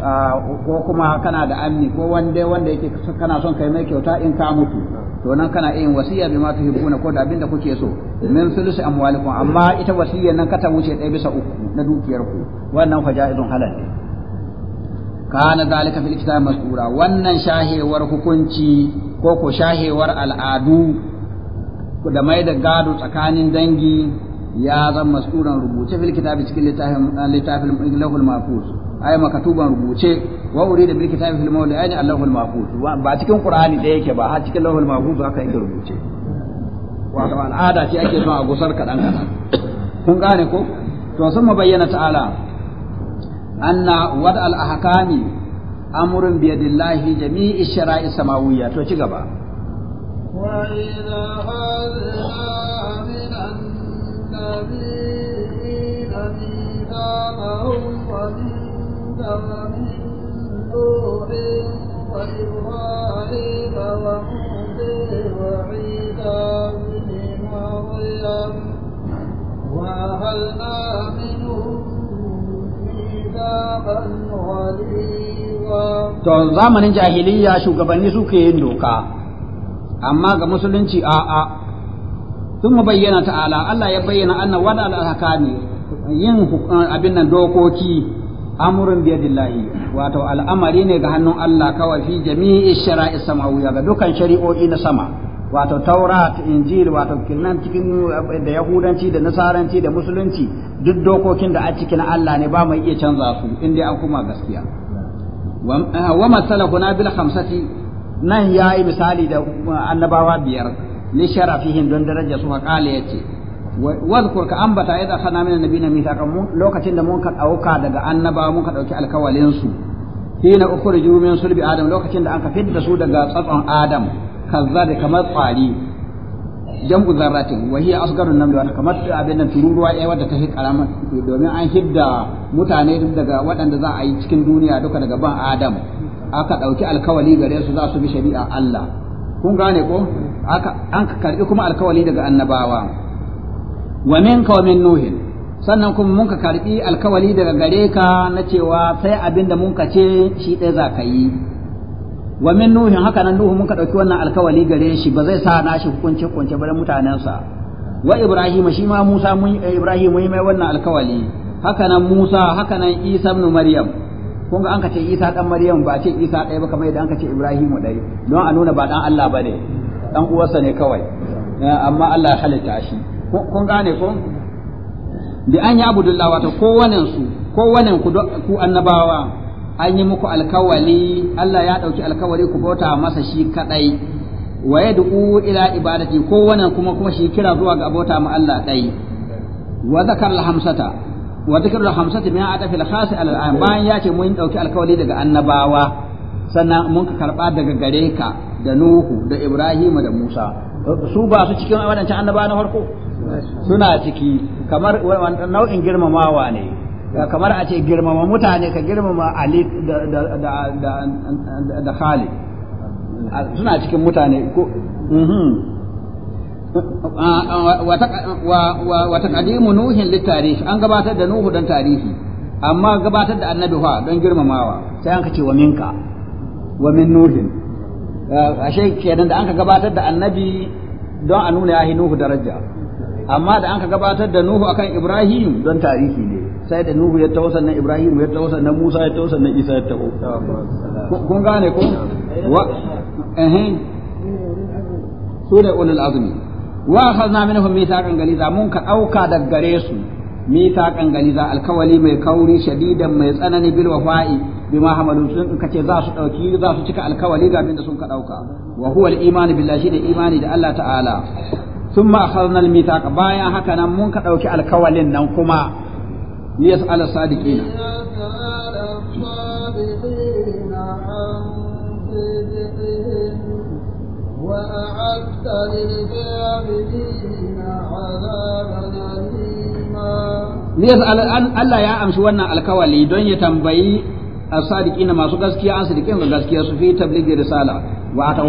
ah, ko kuma kana da amni ko wanda wanda yake kana son kai mai kyauta in ka mutu to nan kana yin wasiya bima tuhibbuna ko da abin da kuke so min sulusi amwalikum amma ita wasiyyan nan ta wuce ɗaya bisa uku na dukiyar ku wannan fa ja'izun halal ne kana zalika fil kitab masura wannan shahewar hukunci ko ko shahewar al'adu da mai da gado tsakanin dangi ya zan masuran rubuce fil kitab cikin littafin littafin lahul mafus ay makatuban rubuce wa urida bil ne, fil mawdu'ain Allahul mahfuz ba cikin Qur'ani da yake ba har cikin Allahul mahfuz haka yake rubuce wato al'ada ce ake son a gusar kaɗan kaɗan kun gane ko to sun bayyana ta'ala anna wad al ahkami amrun bi yadillahi jami'i shara'i samawiyya to ci gaba To zamanin jahiliya shugabanni suke yin doka, amma ga musulunci a'a, sun mu bayyana ta'ala, Allah ya bayyana annan wadda al'aka ne yin abin nan dokoki. amurin dillahi, wato al'amari ne ga hannun Allah kawai fi jami'i shara'i samawiyya ga dukkan shari'o'i na sama wato taurat injil wato kirnan cikin eh, da yahudanci da nasaranci da musulunci duk dokokin da a cikin Allah ne ba mai iya canza su inda an kuma gaskiya wa eh, na bil khamsati nan yayi misali da eh, annabawa biyar ni sharafihin don darajar su fa ya yace ka واذكر كان بتا اذا اخذنا من النبيين mu lokacin da mun ka اوكا daga annaba mun ka dauki alkawalin su hina ukhriju min sulbi adam lokacin da an ka da su daga tsatson adam kazza da kamar tsari jam'u zarratin wa hiya asgaru nam da kamar da abin nan tururuwa ai wadda ta hikara domin an hidda mutane daga waɗanda za a yi cikin duniya duka daga ban adam aka dauki alkawali gare su za su bi shari'a Allah kun gane ko aka an karbi kuma alkawali daga annabawa wa wamin wa nuhin sannan kuma mun ka karbi alkawali daga gare ka na cewa sai abinda da mun ka ce shi ɗaya za ka yi wa min nuhin haka nan nuhu mun ka ɗauki wannan alkawali gare shi ba zai sa na shi hukunci kunce mutanen mutanensa wa ibrahim shi ma musa mun ibrahim mun mai wannan alkawali haka nan musa haka nan isa ibn maryam kun ga an ka ce isa dan maryam ba ce isa ɗaya ba kamar yadda an ka ce ibrahim ɗaya don a nuna ba dan allah ba ne dan uwarsa ne kawai eh, amma allah ya halitta shi kun gane ko bi an ya abudullah wato kowannen su kowannen ku ku annabawa an yi muku alkawali Allah ya dauki alkawari ku bauta masa shi kadai wa yad'u ila ibadati kowannen kuma kuma shi kira zuwa ga bauta ma Allah dai wa zakar hamsata wa dhikru hamsata min adafi al-khas al-an bayan ya ce mun dauki alkawali daga annabawa sannan mun ka karba daga gare ka da Nuhu da Ibrahim da Musa su ba su cikin wadancan annabawa na farko suna ciki kamar nau'in girmamawa ne kamar a ce girmama mutane ka girmama ali da da da da suna cikin mutane ko wa taqdimu nuhin litarikh an gabatar da nuhu dan tarihi amma gabatar da annabi fa don girmamawa sai an kace wa minka wa min nuhin ashe kenan da an ka gabatar da annabi don a nuna yahi nuhu daraja amma da an ka gabatar da Nuhu akan Ibrahim don tarihi ne sai da Nuhu ya tawo sannan Ibrahim ya tawo sannan Musa ya tawo sannan Isa ya tawo kun gane ko wa eh sura ulul azmi wa akhadna minhum mithaqan galiza mun ka dauka daga gare su mithaqan galiza alkawali mai kauri shadidan mai tsanani bil wafa'i bima hamalu sun kace za su dauki za su cika alkawali ga abin da sun ka dauka wa huwa al-iman billahi da imani da Allah ta'ala sun ma akhadna al-mithaqa bayan haka nan mun ka ɗauki alkawalin nan kuma ni yas'al sadiqina وأعدت للكافرين عذابا ya ليسأل الله يا أمشي ونا as-sadiqin masu gaskiya an sadiqin ga gaskiya su fi tablighi risala wato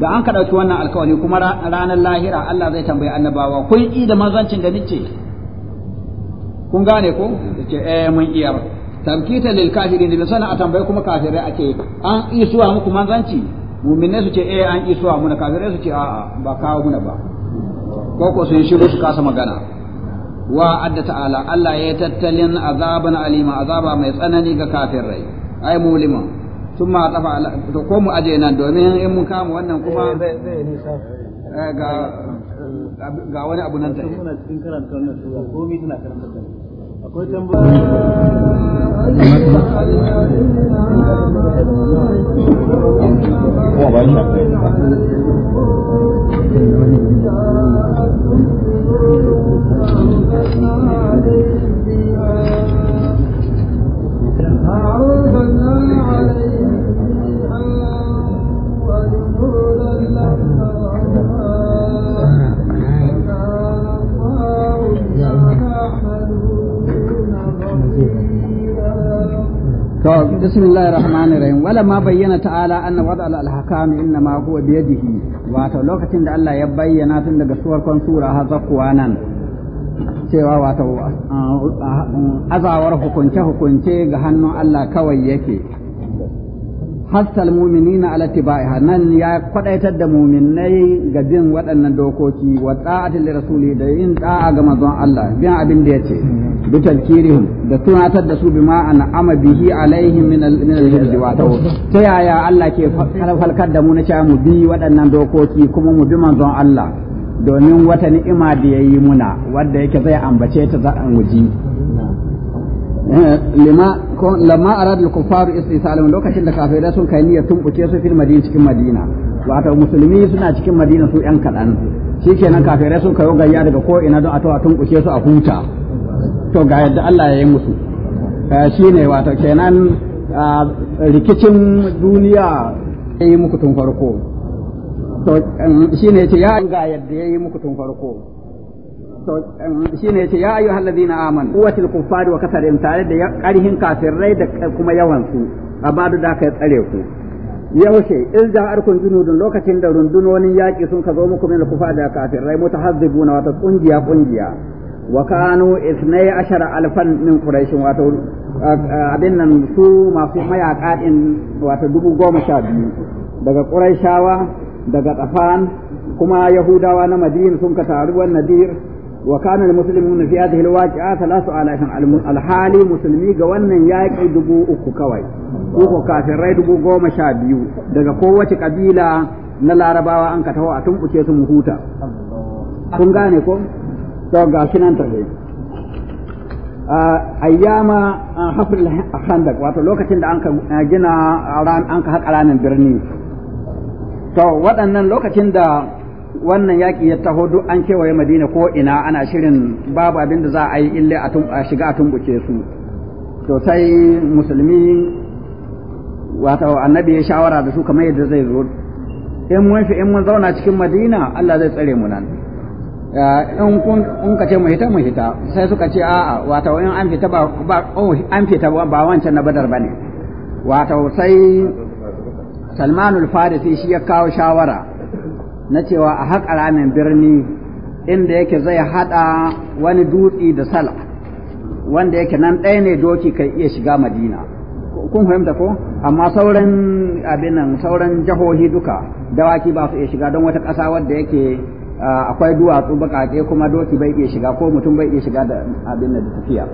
da an ka dauki wannan alkawari kuma ranar lahira Allah zai tambayi annabawa kun yi da manzancin da nice kun gane ko yace eh mun ba tamkita lil kafirin da sana a tambayi kuma kafirai ake an isuwa muku manzanci mu'minai su ce eh an isuwa muna kafirai su ce a'a ba kawo muna ba ko ko sun shiru su kasa magana wa adda ta'ala Allah ya tattalin azaban alima azaba mai tsanani ga kafirai ai mulima ko mu aje nan domin دومين mun kama wannan kuma eh, eh, ga wani abu nan ta yi. Akwai tambaya. To bismillahir rahmanir rahim wala ma bayyana ta'ala anna wada al ahkam inna ma huwa bi yadihi wato lokacin da Allah ya bayyana tun daga suwarkon sura haza kuwa nan cewa wato azawar hukunce hukunce ga hannun Allah kawai yake hassal muminina ala tibaiha nan ya kwadaitar da muminai ga bin waɗannan dokoki wa ta'ati li rasuli da yin da'a ga manzon Allah bin abin da yace bi tadkirihim da tunatar da su ma an ama bihi alaihim min al min al wa ta yaya Allah ke falkar da mu na cewa mu bi waɗannan dokoki kuma mu bi manzon Allah domin wata ni'ima da yi muna wanda yake zai ambace ta za'an wuji. Eh, lima ko lamma arad al kuffar istisalam lokacin da kafirai sun kai niyyar tumbuke su fil madina cikin madina wato musulmi suna cikin madina su yan kadan shikenan kafirai sun kai gayya daga ko ina don a to a tumbuke su a huta to ga yadda Allah ya yi musu eh, shine wato kenan ah, rikicin duniya ya yi muku tun farko to mm, shine ce ya ga yadda ya yi muku tun farko shine ce ya ayyuha allazina amanu quwwatul kuffari wa kasarin tare da karhin kafirai da kuma yawan su abadu da ka tsare ku yaushe in ja arkun junudun lokacin da rundunonin yaƙi sun ka zo muku min kufa da kafirai mutahazzibuna wata kungiya kungiya wa kanu isnai ashara alfan min quraishin wato abin nan su masu mayaka din wato dubu goma sha biyu daga quraishawa daga tsafan kuma yahudawa na madina sun ka taru wan nadir وكان المسلمون في هذه الواقعة ثلاثة آلاف الحالي مسلمي جوانا ياكي دبو أكو كوي أكو كافر راي دبو قوم شابيو دقا قوة قبيلة نلا ربا وأنك تهو أتم أتيت مهوتا kun gane توقع to ga shi حفر tafi ayyama hafrul تند أنك جنا أران أنك gina ran anka haƙa ranar birni to wannan yaƙi ya taho duk an kewaye madina ko ina ana shirin babu abin da za a yi ille a shiga a tumbuke su to sai musulmi wato annabi ya shawara da su kamar yadda zai zo in mun fi in mun zauna cikin madina Allah zai tsare mu nan eh, in kun ka ce mu hita mu hita sai suka ce a'a wato in an fita ba oh, an fita ba wancan na badar bane wato sai Salmanul Farisi shi ya kawo shawara na cewa a haƙa ramin birni inda yake zai haɗa wani dutse da sala wanda yake nan ɗaya ne doki kai iya shiga madina kun fahimta ko amma sauran abin nan sauran jahohi duka dawaki ba su iya shiga don wata ƙasa wadda yake akwai duwatsu baƙaƙe kuma doki bai iya shiga ko mutum bai iya shiga da abin da tafiya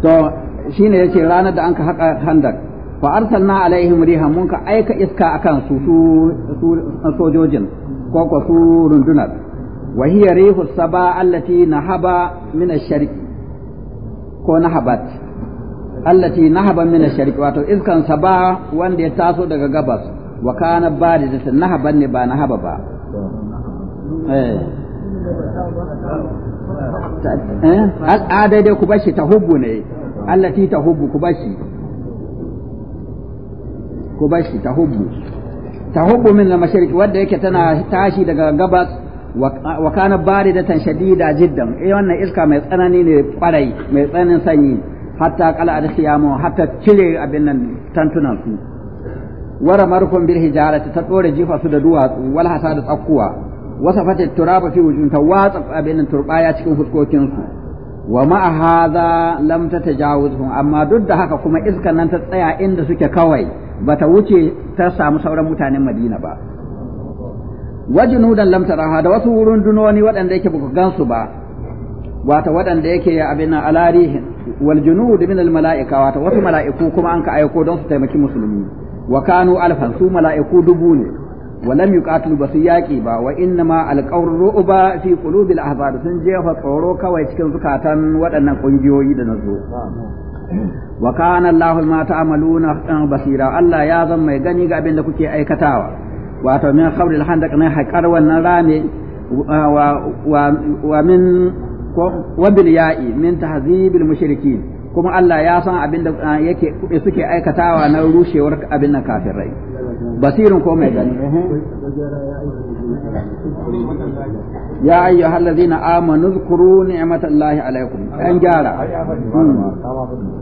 to shine yace ranar da an ka haƙa handak fa arsalna alaihim riha mun ka aika iska akan su su sojojin ko ko su rundunar wa hiya rihu saba allati nahaba min ash shariq ko nahabat allati nahaba min ash-sharq wato iskan saba wanda ya taso daga gabas wa kana barizatan nahaban ne ba nahaba ba eh, eh al'ada dai ku bashi tahubbu ne allati tahubbu ku bashi ko bashi tahubbu tahubbu min na mashriq wanda yake tana tashi daga gabas wa kana da shadida jiddan eh wannan iska mai tsanani ne kwarai mai tsananin sanyi hatta qala al-khiyamu hatta cire abin nan tantunan su wara markum bil hijarati ta dore jifa su da duwatsu wal da tsakkuwa wasafat turaba fi wujun ta watsa abin nan turbaya cikin fuskokin su wa ma hadha lam tatajawuzhum amma duk da haka kuma iskan nan ta tsaya inda suke kawai Ba ta wuce ta samu sauran mutanen Madina ba wajunudan lam taraha da wasu wurin dunoni waɗanda yake buku gansu ba wata waɗanda yake abin alarihin wal junud min al mala'ika wata wasu mala'iku kuma an ka aiko don su taimaki musulmi wa kanu alfan su mala'iku dubu ne wa lam yuqatilu basu yaqi ba wa inna ma al ru'ba fi qulubil ahbar sun jefa tsoro kawai cikin zukatan waɗannan kungiyoyi da nazo wa kana Allahu ma ta'maluna eh, basira Allah ya zan mai gani ga abin da kuke aikatawa wato min khabril handaq na haƙar wannan rami wa min wa bil ya'i min tahzibil mushrikin kuma Allah ya san abin da eh, yake eh, suke aikatawa na rushewar abin nan kafirai basirin ko mai gani ya ayyuhallazina amanu zkuru ni'matallahi alaikum an gyara hmm.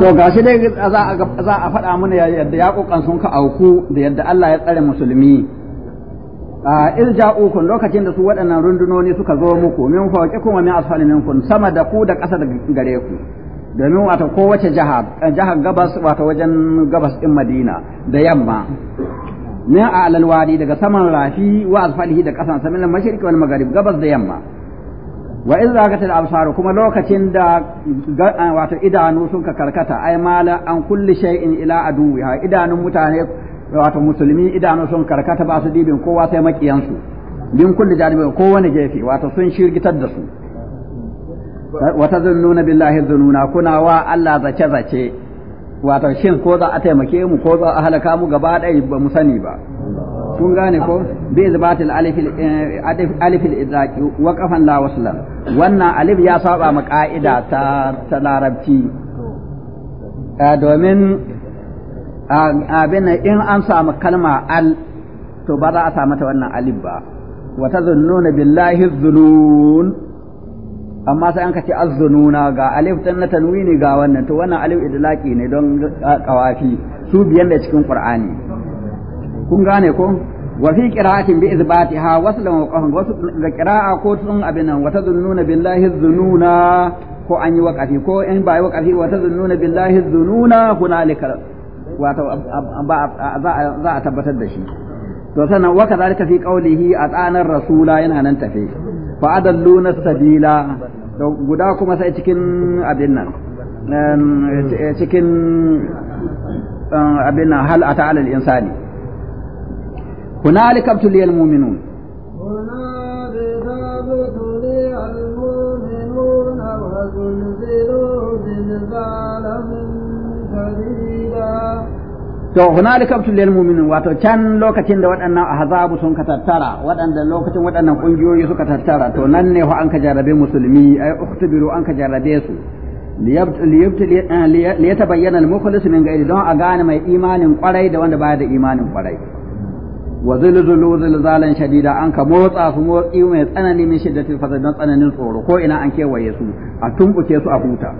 to ga gashi dai za a faɗa mana yadda yaƙoƙan sun ka auku da yadda Allah ya tsare musulmi a irja'ukum lokacin da su waɗannan rundunoni suka zo muku min kun wa min asfali minkum sama da ku da ƙasa da gare ku domin wato kowace jaha jihar gabas wato wajen gabas din Madina da yamma min a daga saman rafi wa asfalihi da ƙasan samin mashriq wal maghrib gabas da yamma wa in ta absar kuma lokacin da wato idanu sun ka karkata ai mala an kulli shay'in ila ha idanun mutane wato musulmi idanu sun karkata ba su dibin kowa sai makiyansu din kulli janibi ko wani gefe wato sun shirgitar da su wa tazunnuna billahi dhununa kuna wa Allah zace zace wato shin ko za a taimake mu ko za a halaka mu gaba ɗaya ba mu sani ba kun gane ko bi izbatil eh, alif alif al-idraq wa qafan la waslam wannan alif ya saba ma ka'ida ta ta larabci eh, domin abin in an samu kalma al to ba za a samu ta wannan alif ba wa tazunnuna billahi zunun, amma sai an kace azzununa ga alif tan na tanwini ga wannan to wannan alif idlaki ne don kawafi su biyan da cikin qur'ani kun gane ko wa fi qira'atin bi isbatiha waslan wasu da qira'a ko sun abin nan wata zunnuna billahi zununa ko an yi waqafi ko in ba yi waqafi wata zunnuna billahi zununa hunalika wato za a tabbatar da shi to sannan wa kadhalika fi qawlihi atanar rasula yana nan tafe sabila guda kuma sai cikin abin nan hal ata alal هنالك ابتلي المؤمنون to hunalika abtul mu'minin wato can lokacin da waɗannan ahzabu sun ka tattara waɗanda lokacin waɗannan kungiyoyi suka tattara to nan ne ho an ka jarabe musulmi ay ukhtibiru an ka jarrabe su liyatabayyana al-mukhlis min ghairi don a gane mai imanin kwarai da wanda baya da imanin kwarai wa zulzulu zulzalan shadida an ka motsa su motsi mai tsanani min shiddatil fasad don tsananin tsoro ko ina an kewaye su a tumbuke su a huta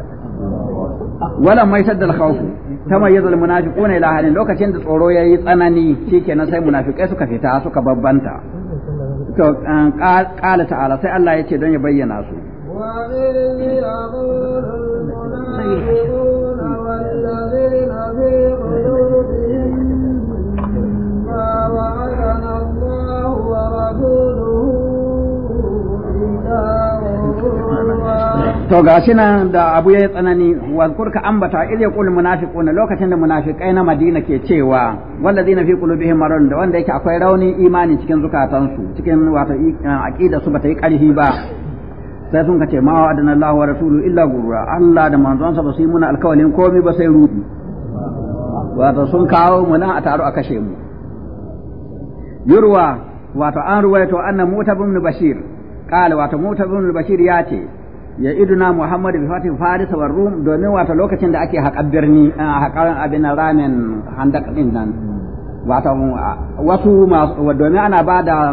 wala mai shaddal khawfu tamayyaza al munafiquna ila halin lokacin da tsoro yayi tsanani shikenan sai munafikai suka fita suka babbanta to qala ta'ala sai Allah ce don ya bayyana su wa to ga shi nan da abu yayi tsanani wa kurka ambata idh qul munafiqun lokacin da munafiqai na Madina ke cewa wallazina fi qulubihim maradun da wanda yake akwai rauni imani cikin zukatansu cikin wato eh, aqida su bata yi karfi ba sai sun kace ma wa'adana Allah wa rasulu illa gurra Allah da manzonsa ba yi muna alkawalin komai ba sai rubi wato sun kawo mu nan a taro a kashe mu yurwa wato an ruwaito anna mutabun bashir qala wato mutabun bashir ya ce ya iduna Muhammad bi fatin Faris wa Rum domin wata lokacin da ake haƙar birni haƙar abin ramin handak din nan wata wasu masu domin ana ba da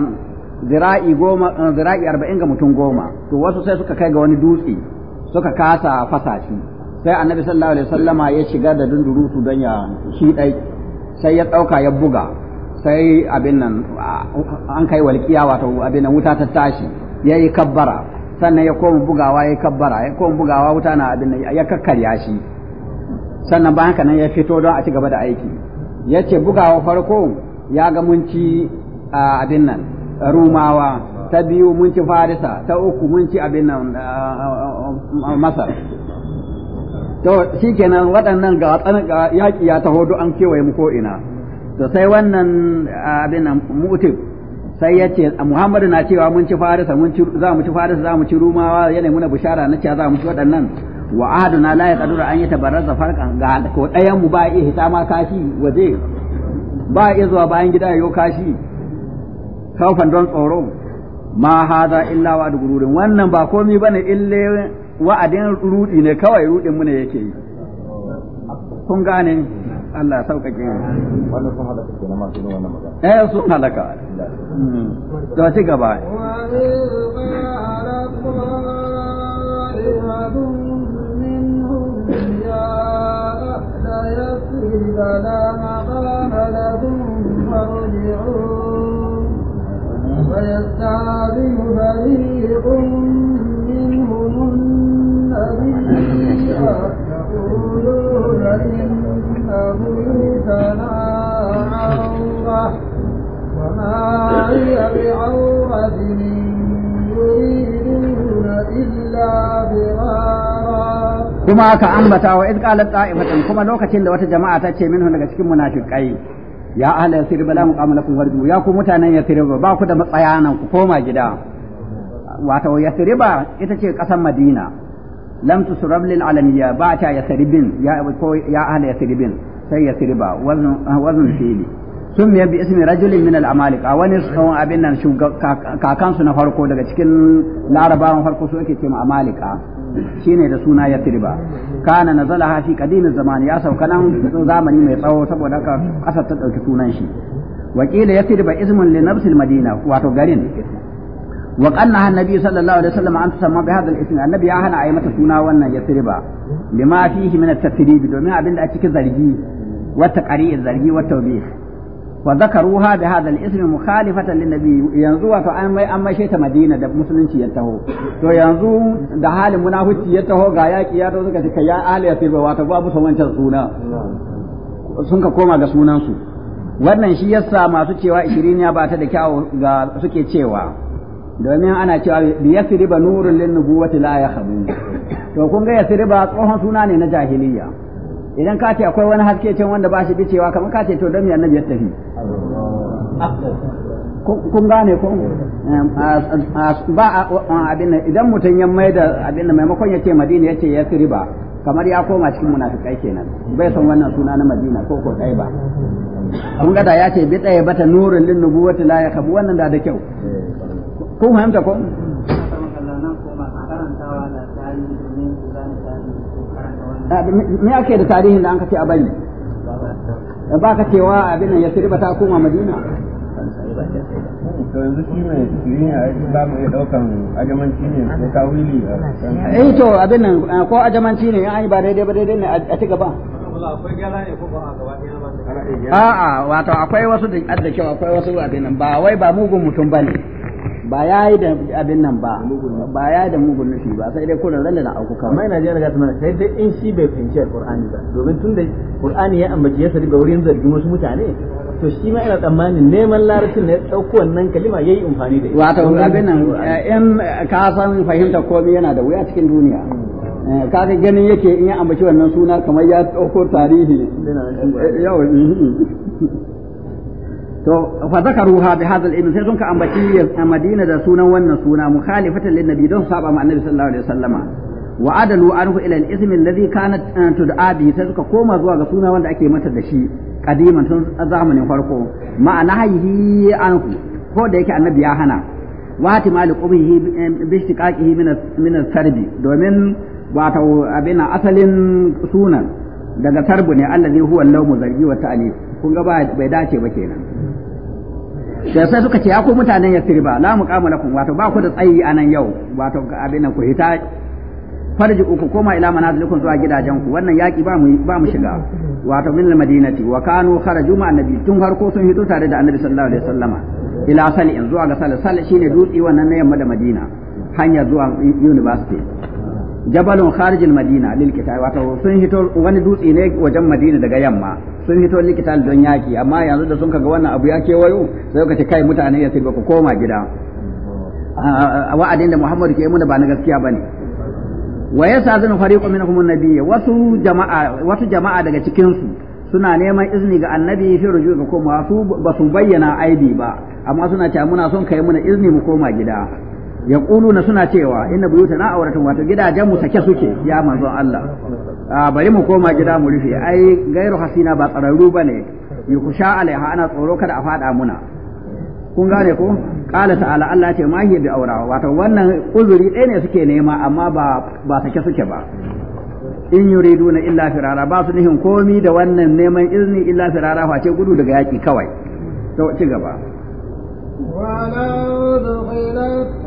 zira'i goma eh, zira'i arba'in ga mutum goma to wasu sai suka kai ga wani dutse suka kasa fasashi sai annabi sallallahu alaihi wasallama ya shiga da su don ya shi dai sai ya ɗauka ya buga sai abin nan an kai walƙiya wato abin nan wuta ta tashi ya yi kabbara sannan ya koma bugawa ya kabbara ya koma bugawa wuta na abin nan ya kakkarya shi sannan bayan haka nan ya fito don a ci gaba da aiki ya ce bugawa farko ya ga mun ci abin nan rumawa ta biyu mun ci farisa ta uku mun ci abin nan masar to shikenan waɗannan ga yaƙi ya taho an kewaye mu ko ina to sai wannan abin nan mutum. sai ya ce Muhammad na cewa mun ci Farisa mun ci za mu ci Farisa za mu ci Rumawa yana muna bishara na cewa za mu ci waɗannan wa ahaduna la yaqdiru an yatabarraza farqan ga ko ɗayan mu ba iya hita ma kashi waje ba iya zuwa bayan gida yau kashi kaufan don tsoro ma hada illa wa gururin wannan ba komai bane ille wa'adin rudi ne kawai rudin mu ne yake yi kun gane Allah ya sauƙaƙe mu wannan sun halaka kenan masu yin wannan magana eh sun halaka to ci gaba فلا فريق منهم النبي يقولون kuma aka ambata wa iz qalat ta'ifatan kuma lokacin da wata jama'a ta ce minhu daga cikin munafiqai ya ahla yasir bala muqam lakum warju ya ku mutanen yasir ba ku da matsaya nan ku koma gida wato ba ita ce kasar madina lam tusrab lil alamiya ba ta yasribin ya ko ya ahla yasribin sai yasriba wazn wazn fi'li sun ya bi ismi rajulin min al a wani tsawon abin nan kakansu na farko daga cikin larabawan farko su ake ce amalika shine da suna yatriba kana na zala hafi kadimin zamani ya sauka nan zamani mai tsawo saboda haka kasar ta ɗauki sunan shi wakila yatriba ismun li nafsil madina wato garin wa qanna annabi sallallahu alaihi wasallam an tusamma bi hadha al-ism annabi mata suna wannan ya sirba lima fihi min at-tatrib domin abin da a cikin zargi wa taqri'i zargi wa tawbih wa zakaruha bi hadha al-ism mukhalifatan lin-nabi yanzu wato an mai an mashe ta Madina da musulunci ya taho to yanzu da halin munafici ya taho ga yaki ya to suka ce ya musu wancan suna sun ka koma ga sunansu wannan shi yasa masu cewa ishirin ya ba ta da kyawu ga suke cewa domin ana cewa bi nurin nurun lin nubuwati la yakhbu to kun ga siriba tsohon suna ne na jahiliya idan ka ce akwai wani haske can wanda ba shi bicewa kamar ka ce to don me annabi ya tafi kun gane ko eh, ba abin idan mutum ya mai da abin maimakon ya ce madina ya ce siriba kamar ya koma cikin munafikai kenan bai san wannan suna na madina ko ko ɗaya ba kun ga da ya ce bi ɗaya bata nurin lin nubuwati la yakhbu wannan da da kyau kun fahimta ko ah, me ake da tarihin da an kace a bari ba ka cewa abin nan ya ba ta koma madina to yanzu shi mai tiriya ba mu iya daukan ajamanci ne ko tawili eh to abin nan ah, ko ajamanci ne an yi ba daidai ba daidai ne a ci gaba a'a wato akwai wasu da kyau akwai wasu abin nan ba wai ba mugun mutum bane ba ya yi da abin nan ba ba ya yi da mugun nufi ba sai dai kullum randa na auku kawai mai najeriya ga mana sai dai in shi bai fahimci alqur'ani ba domin tun da qur'ani ya ambaci ya sari ga wurin zargin wasu mutane to shi ma ina tsammanin neman larabcin ne ɗauko wannan kalima ya yi amfani da ita wato abin nan in ka san fahimta komai yana da wuya cikin duniya eh, kaga ganin yake in ya ambaci wannan suna kamar ya ɗauko tarihi yawa to fa zakaruha bi hadha al-ibn sai sun ka ambaci Madina da sunan wannan suna mukhalifatan lin nabi don saba ma annabi sallallahu alaihi wasallama wa adalu anhu ila al-ism alladhi kanat eh, tud'a bi sai suka koma zuwa ga suna wanda ake mata da shi kadiman tun zamanin farko ma'ana hayyi anhu ko da yake annabi ya hana wa hatimali qubihi eh, bi ishtiqaqihi min min sarbi domin wato asalin sunan daga sarbu ne allazi huwa al-lawmu zargi wa ta'nif kun ga bai dace ba kenan sai suka ce ya ku mutanen yasriba la muqama lakum wato ba ku da tsayi anan yau wato abin nan ku hita farji uku koma ila manazilikum zuwa gidajen ku wannan yaki ba mu ba mu shiga wato min madinati wa kanu kharaju ma annabi tun farko sun hito tare da annabi sallallahu alaihi wasallama ila sal'in zuwa ga sal sal shine dutse wannan na yamma da madina hanya zuwa university jabalun kharijil madina lil qital wato sun hito wani dutse ne wajen madina daga yamma sun hito lil don yaki amma yanzu da sun kaga wannan abu ya kewayo sai ka kai mutane ya tilba ku koma gida wa'adin da Muhammadu ke da ba na gaskiya bane wa yasazun zan minhum an-nabiy wasu jama'a wasu jama'a daga cikin su suna neman izini ga annabi fi ruju ga komawa su ba su bayyana aibi ba amma suna cewa muna son kai muna izini mu koma gida na suna cewa inna na auratun wato gidajen mu sake suke ya manzo Allah a bari mu koma gida mu rufe ai gairu hasina ba tsararru bane yukusha alaiha ana tsoro kada a fada muna kun gane ko qala ta'ala Allah ce ma hiya bi aurawa wato wannan uzuri ɗaya ne suke nema amma ba ba sake suke ba in yuriduna illa firara ba su nihin komi da wannan neman izini illa firara face gudu daga yaki kawai to ci gaba ولو دخلت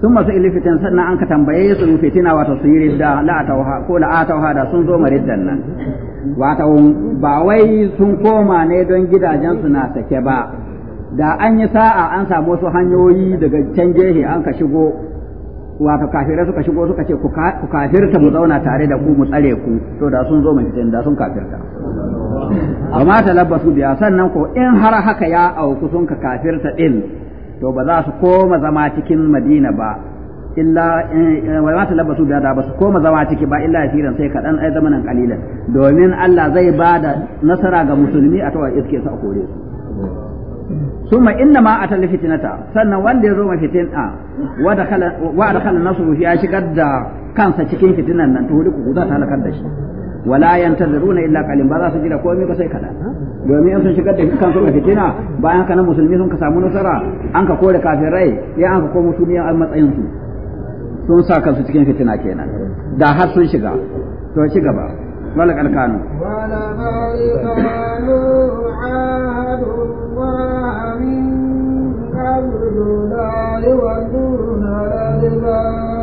sun masu ilifitin sannan an ka tambaye su fitina wato su yi ridda la'atauha ko la'atauha da sun zo ma riddan nan wato ba wai sun koma ne don gidajen su na sake ba da an yi sa'a an samu su hanyoyi daga can jehe an ka shigo wato kafirai suka shigo suka ce ku kafirta mu zauna tare da ku mu tsare ku to da sun zo mu da sun kafirta amma talabbasu biya sannan ko in har haka ya auku sun ka kafirta din to ba za su koma zama cikin madina ba illa eh, wa ma da ba su koma zama ciki ba illa yasiran sai kaɗan ai zamanan kalilan domin Allah zai ba da nasara ga musulmi a tawa iske su a kore su summa inna ma atal fitnata sannan wanda ya zo ma a wa dakhala wa dakhala nasu ya shigar da kansa cikin fitinan nan to hudu ku za ta halakar da shi wala na illa qalin ba za su jira komai ba sai kadan domin sun shigar da kansu a fitina bayan kana musulmi sun ka samu nasara an ka kore kafirai ya an ka koma musulmi a matsayin su sun sa kansu cikin fitina kenan da har sun shiga to ci gaba wala karkanu wala ma'rifanu ahadu wa min la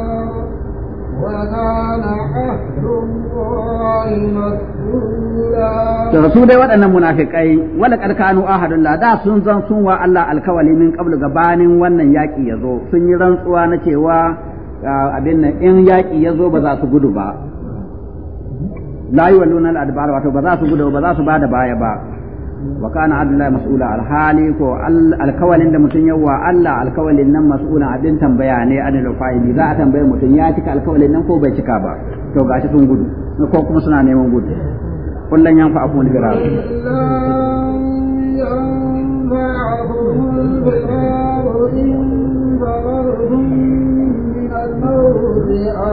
da su dai waɗannan munafikai wala ƙarƙanu ahadun la da sun zan sun wa Allah alkawali min qablu gabanin wannan yaƙi ya zo sun yi rantsuwa na cewa abin nan in yaƙi ya zo ba za su gudu ba la yi walluna al'adbar wato ba za su gudu ba za su ba da baya ba wa kana abdullahi mas'ula alhali ko alkawalin da mutum yawa Allah alkawalin nan mas'ula abin tambaya ne an alfa'ili za a tambaye mutum ya cika alkawalin nan ko bai cika ba to shi sun gudu ko kuma suna neman gudu kullun yanfa abu ni gara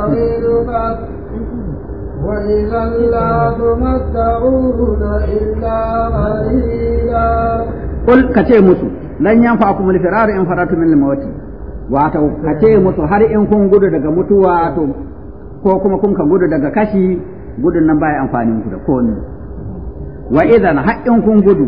إن وإذا لا تمتعون إلا قليلا قل كتير مسو لن ينفعكم الفرار in فررتم من الموت wato ka ce musu har in kun gudu daga mutuwa to ko kuma kun ka gudu daga kashi gudun nan baya amfanin ku da komi wa idan har in kun gudu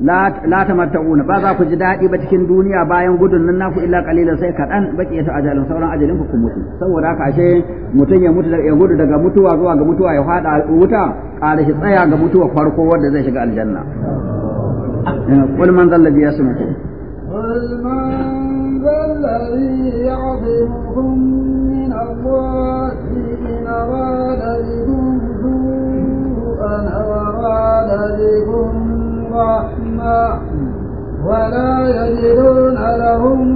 la tamatta'una ba za ku ji daɗi ba cikin duniya bayan gudun nan naku illa qalilan sai kaɗan baki yasa ajalin sauran ajalin ku mutu saboda haka ashe mutum ya mutu ya gudu daga mutuwa zuwa ga mutuwa ya fada wuta ƙara shi tsaya ga mutuwa farko wanda zai shiga aljanna eh, qul man dhal bi yasmu qul man dhal ladhi ya'dhukum min Allah in arada bikum an arada bikum الرحمة ولا يجدون لهم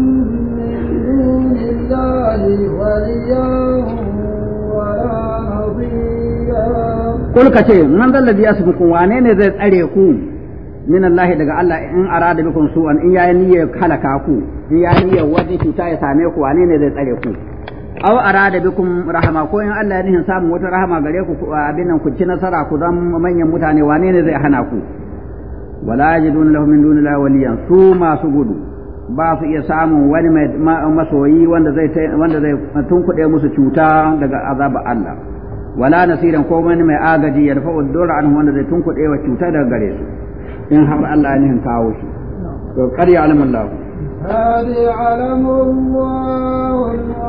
من دون الله وليا ولا نصيرا قل كتير من ذا الذي يسبقكم وانين ذات أريكم min Allah daga Allah in arada bikum su'an in yayi niyyar halaka ku in yayi niyyar wani cuta ya same ku wane ne zai tsare ku aw arada bikum rahama ko in Allah ya nihin samu wata rahama gare ku abin nan ku ci nasara ku zama manyan mutane wane ne zai hana ku wala yajiduna lahum min duni llahi waliyan su masu gudu ba su iya samun wani masoyi wanda zai wanda zai tunkuɗe musu cuta daga azabar Allah wala nasiran ko wani mai agaji ya dafa dora an wanda zai tunkuɗe wa cuta daga gare su in har Allah ya nihin kawo shi to qad ya'lamu Allah qad ya'lamu Allah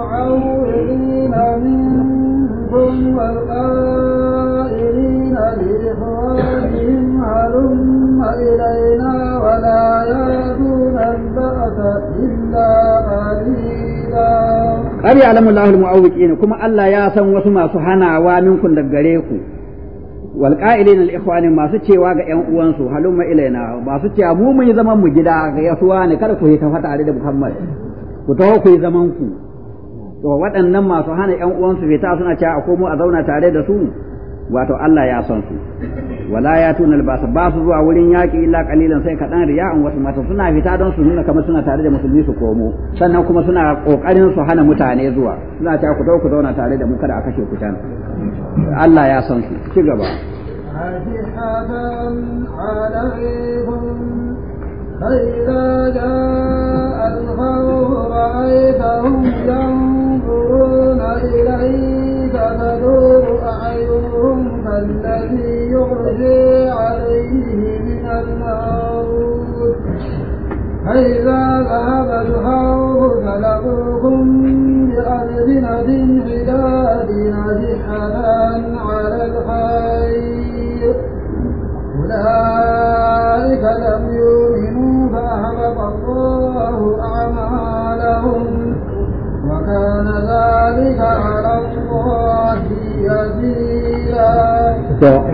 al-mu'awwilina minkum wal إلينا ولا يردون البأس إلا قليلا قد يعلم الله المعوقين كما الله يا سن وسما سبحانه ومنكم دغريكو walƙa'ilin al'ikhwanin masu cewa ga ‘yan uwansu halumma ilaina masu cewa mu mun yi zaman mu gida ga yasuwa ne kada ku yi ta fata da Muhammad ku taho ku yi zaman ku to waɗannan masu hana ‘yan uwansu fita suna cewa a mu a zauna tare da su wato Allah ya san su wala ya tuna albasa ba su zuwa wurin yaƙi illa kalilan sai kaɗan riya'un wasu mata suna fita don su nuna kamar suna tare da musulmi su komo sannan kuma suna ƙoƙarin su hana mutane zuwa suna ta ku ku zauna tare da mu kada a kashe ku can Allah ya san su ci gaba فإذا جاء الخوف رأيتهم ينظرون إليك تدور الذي يرجي عليه من الموت فإذا ذهب الخوف فلقوكم بألسنة حداد حنان على الخير أولئك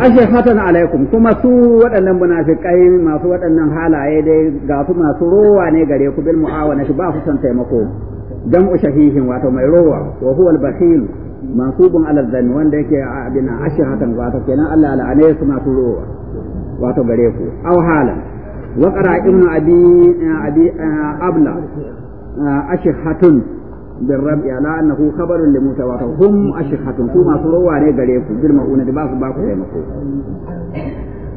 ashifatan alaikum kuma su waɗannan munafikai masu waɗannan halaye dai ga su masu rowa ne gare ku bil mu'awana shi ba su san taimako dan ushahihin wato mai rowa wa huwa al bakhil mansubun ala dhanni wanda yake abin ashihatan wato kenan Allah la'ane su masu rowa wato gare ku aw halan wa qara ibnu abi eh, abi eh, abla ashe eh, ashihatun bin rabi ala annahu khabarun li musa hum ashihatun kuma furuwa ne gare ku girma una da ba ku ba ku taimako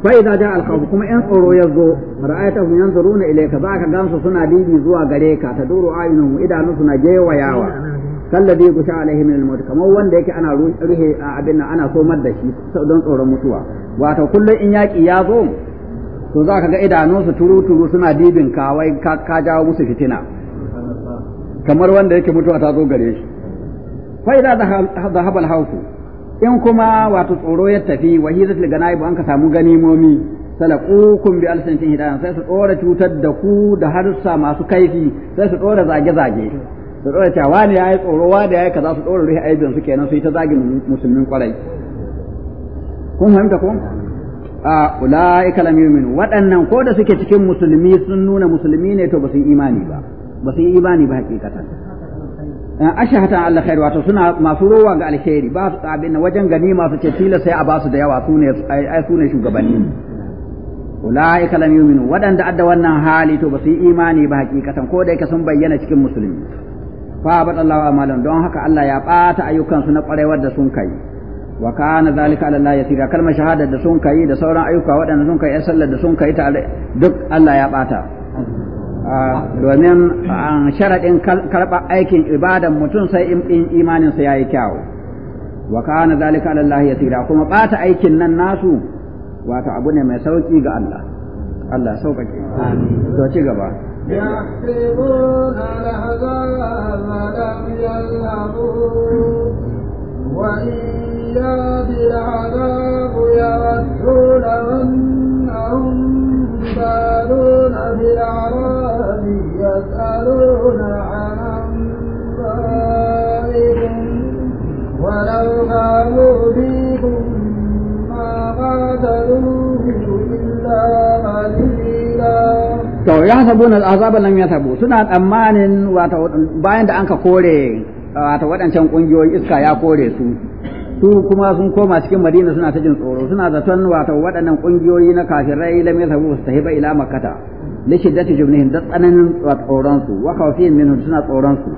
fa idza jaa al khawf kuma in tsoro ya zo ra'aytahum yanzuruna ilayka za ka gansu suna bibi zuwa gare ka ta duru ayinuhum idanu suna jewayawa kalladi ku sha alaihi min al maut kuma wanda yake ana ruhe abin nan ana so da shi don tsoron mutuwa wato kullun in yaki ya zo to za ka ga idanunsu turuturu suna dibin ka wai ka jawo musu fitina kamar wanda yake mutuwa ta zo gare shi fa idza dhahaba al-hawfu in kuma wato tsoro ya tafi wa hizatul ganaib an ka samu ganimomi salaqukum bi alsanatin hidayan sai su tsora cutar da ku da harsa masu kaifi sai su tsora zage zage su tsora cewa wani yayi tsoro wa ya yayi kaza su tsora ruhi aibin su kenan su yi ta zagin musulmin kwarai kun fahimta ko a ulaika lam yu'minu waɗannan ko da suke cikin musulmi sun nuna musulmi ne to ba su imani ba ba su yi imani ba hakikatan eh, ashahatan Allah khair wato suna masu rowa ga alkhairi ba su abin wajen gani masu ce tilas sai a basu da yawa sune ai ne shugabanni ulaika lam yu'minu wadanda adda wannan hali to ba su yi imani ba hakikatan ko da yake sun bayyana cikin musulmi fa abatallahu amalan don haka Allah ya bata ayyukansu na kwarewar da sun kai wa kana zalika ala Allah yasira kalmar shahada da sun kai da sauran ayyuka waɗanda sun kai sallar da sun kai ta duk Allah ya bata Ah, domin ah, sharaɗin karɓar aikin ibadan mutum sai in imaninsa ya yi kyawu wa kana zalika ala Allah yasira kuma ɓata aikin nan nasu wato abu ne mai sauƙi ga Allah Allah sauƙaƙe to ci gaba يحسبون العذاب لم يذهبوا وإن يأتي العذاب يردون أنهم يسألون يسألون عن أنبائهم ولو كانوا فيكم ما قاتلوه إلا قليلا to ya sabu na azaba lam yatabu suna tsammanin bayan da anka kore wato waɗancan ƙungiyoyi iska ya kore su su kuma sun koma cikin madina suna ta jin tsoro suna zaton wato waɗannan ƙungiyoyi na kafirai lam ta mustahiba ila makkata li shiddati jubnihim da tsananin tsoron su wa khawfihim minhum suna tsoron su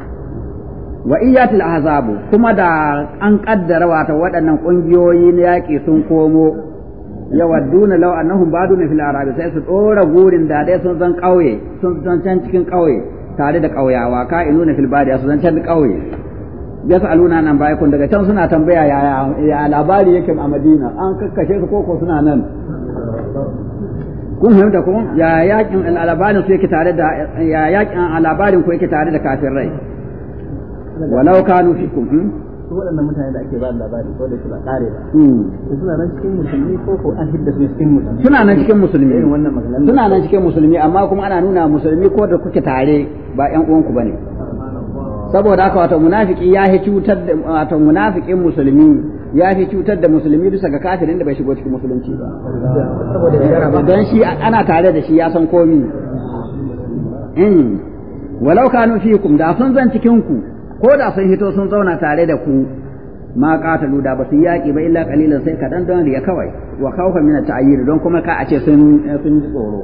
wa iyatil ahzabu kuma da an kaddara wato waɗannan ƙungiyoyi na yaƙi sun komo yawadduna law annahum na fil arabi sai su tsora gurin da dai sun zan ƙauye sun zan can cikin ƙauye tare da ƙauyawa ka inuna fil badi su zan can ƙauye yas'aluna nan bai kun daga can suna tambaya ya labari yake a Madina an kakkashe su koko suna nan kun fahimta ko ya yakin labarin su yake tare da ya yakin labarin ku yake tare da rai walau kanu fikum hmm? su waɗannan mutane da ake ba labari ko da hmm. su ba kare ba suna nan cikin musulmi ko ko an hidda su cikin musulmi suna nan cikin musulmi suna nan cikin musulmi amma kuma ana nuna musulmi ko da kuke tare ba ƴan uwanku bane saboda haka wato munafiki ya fi cutar da wato munafikin musulmi ya fi cutar da musulmi bisa ga kafirin da bai shigo cikin musulunci ba don shi ana tare da shi ya san komi in hmm. walau kanu fikum da sun zan cikin ku ko da sun hito sun zauna tare da ku ma qatalu da ba su yaki ba illa qalilan sai kadan don riya kawai wa khawfan mina ta'ayyir don kuma ka a ce sun sun tsoro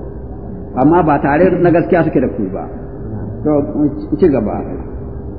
amma ba tare na gaskiya suke da ku ba to ci gaba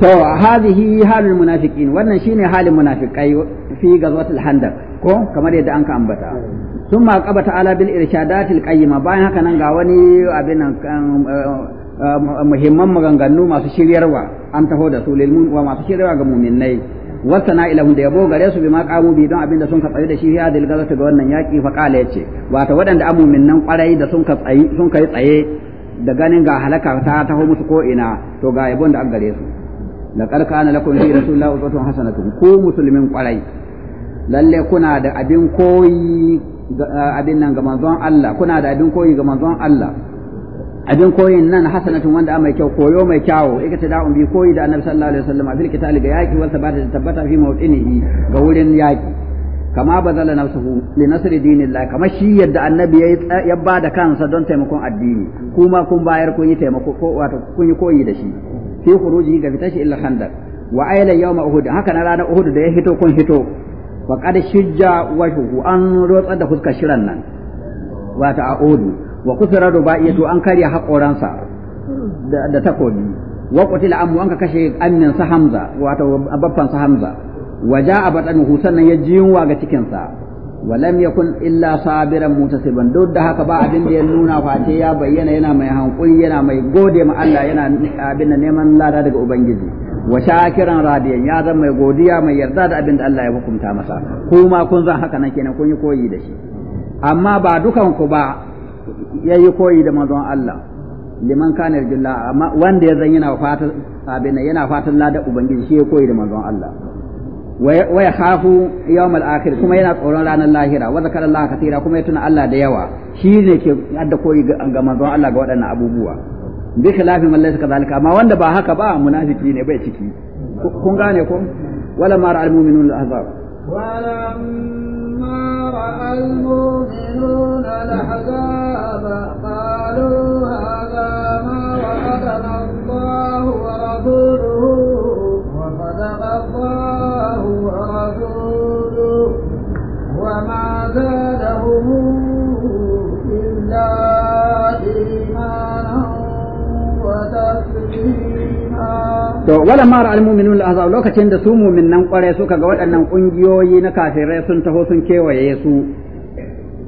to hadhihi halin munafiqin wannan shine halin munafiqai fi gazwatul handaq ko kamar yadda an ka ambata sun ma qaba ta'ala bil irshadatil qayyima bayan haka nan ga wani abin eh, eh, muhimman maganganu masu shiryarwa an taho da su masu shiryarwa ga mu'minnai wasana ilahum da yabo gare su bima qamu bi don abinda sun ka da shi ya dil gazata ga wannan yaki fa qala yace wato waɗanda amumin nan kwarai da sun kai tsaye da ganin ga halaka ta taho musu ko ina to ga yabon da an gare na laqad kana sun fi sun hasana tun ku musulmin kwarai lalle kuna da abin koyi eh, abin nan ga manzon Allah kuna da abin koyi ga manzon Allah abin koyin nan hasana tun wanda mai kyau koyo mai kyawo ita ta da'un bi koyi da annabi sallallahu alaihi wasallam a fil qital ga yaki wal sabata da tabbata fi mawdinihi ga wurin yaki kama bazala nafsuhu li nasri dinillah kama shi yadda annabi ya da kansa don taimakon addini kuma kun bayar kun yi taimako ko wato kun yi koyi da shi fi khuruji ga fitashi illa khandaq wa ayla yawma uhud haka na ranar uhud da ya hito kun hito wa qad shujja wajhu an rotsa da fuskar shiran nan wa ta'udu wa kusara rubaiyatu an karya sa da takobi wa qutila amu an ka kashe amnin sa hamza wato babban sa hamza wa ja'a batanuhu sannan ya jiyuwa ga cikin sa walam yakun illa sabiran mutasiban duk da haka ba abin da ya nuna fa ya bayyana yana mai hankuri yana mai gode ma Allah yana abin neman lada daga ubangiji wa kiran radiyan ya zama mai godiya mai yarda da abin da Allah ya hukunta masa kuma kun zan haka na ne kun yi koyi da shi amma ba dukan ku ba yayi koyi da manzon Allah liman kana jilla amma wanda ya zan yana fata fatan lada ubangiji shi ya koyi da manzon Allah waya ya khafu yawmal akhir kuma yana tsoron ranar lahira wa zakara Allah kathira kuma ya tuna Allah da yawa shi ne ke adda koyi ga manzon Allah ga waɗannan abubuwa bi khilafi man laysa kadhalika amma wanda ba haka ba munafiki ne bai ciki kun gane ko wala المؤمنون قالوا هذا ما وعدنا الله ورسوله وصدق الله ورسوله وما زادهم إلا إيمانا to wala mara almu'minun al'azab lokacin da su mu'minan kware suka ga waɗannan ƙungiyoyi na kafirai sun taho sun kewaye su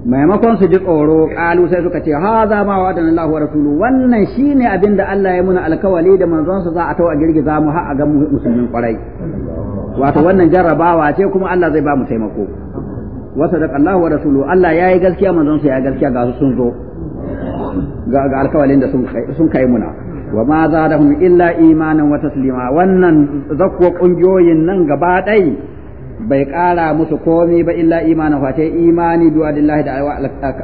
maimakon su ji tsoro kalu sai suka ce haza ma wa adana Allah rasulu wannan shine abin da Allah ya muna alkawali da manzon sa za a tawo a girgiza mu har a ga musulmin kwarai wato wannan jarrabawa ce kuma Allah zai ba mu taimako wa sadaqa Allah wa rasuluhu Allah yayi gaskiya manzon sa ya gaskiya ga su sun zo ga alƙawalin da sun kai sun kai muna wa ma zadahum illa imanan wa taslima wannan zakko kungiyoyin nan gaba dai bai ƙara musu komai ba illa imanin face imani du'a dillahi da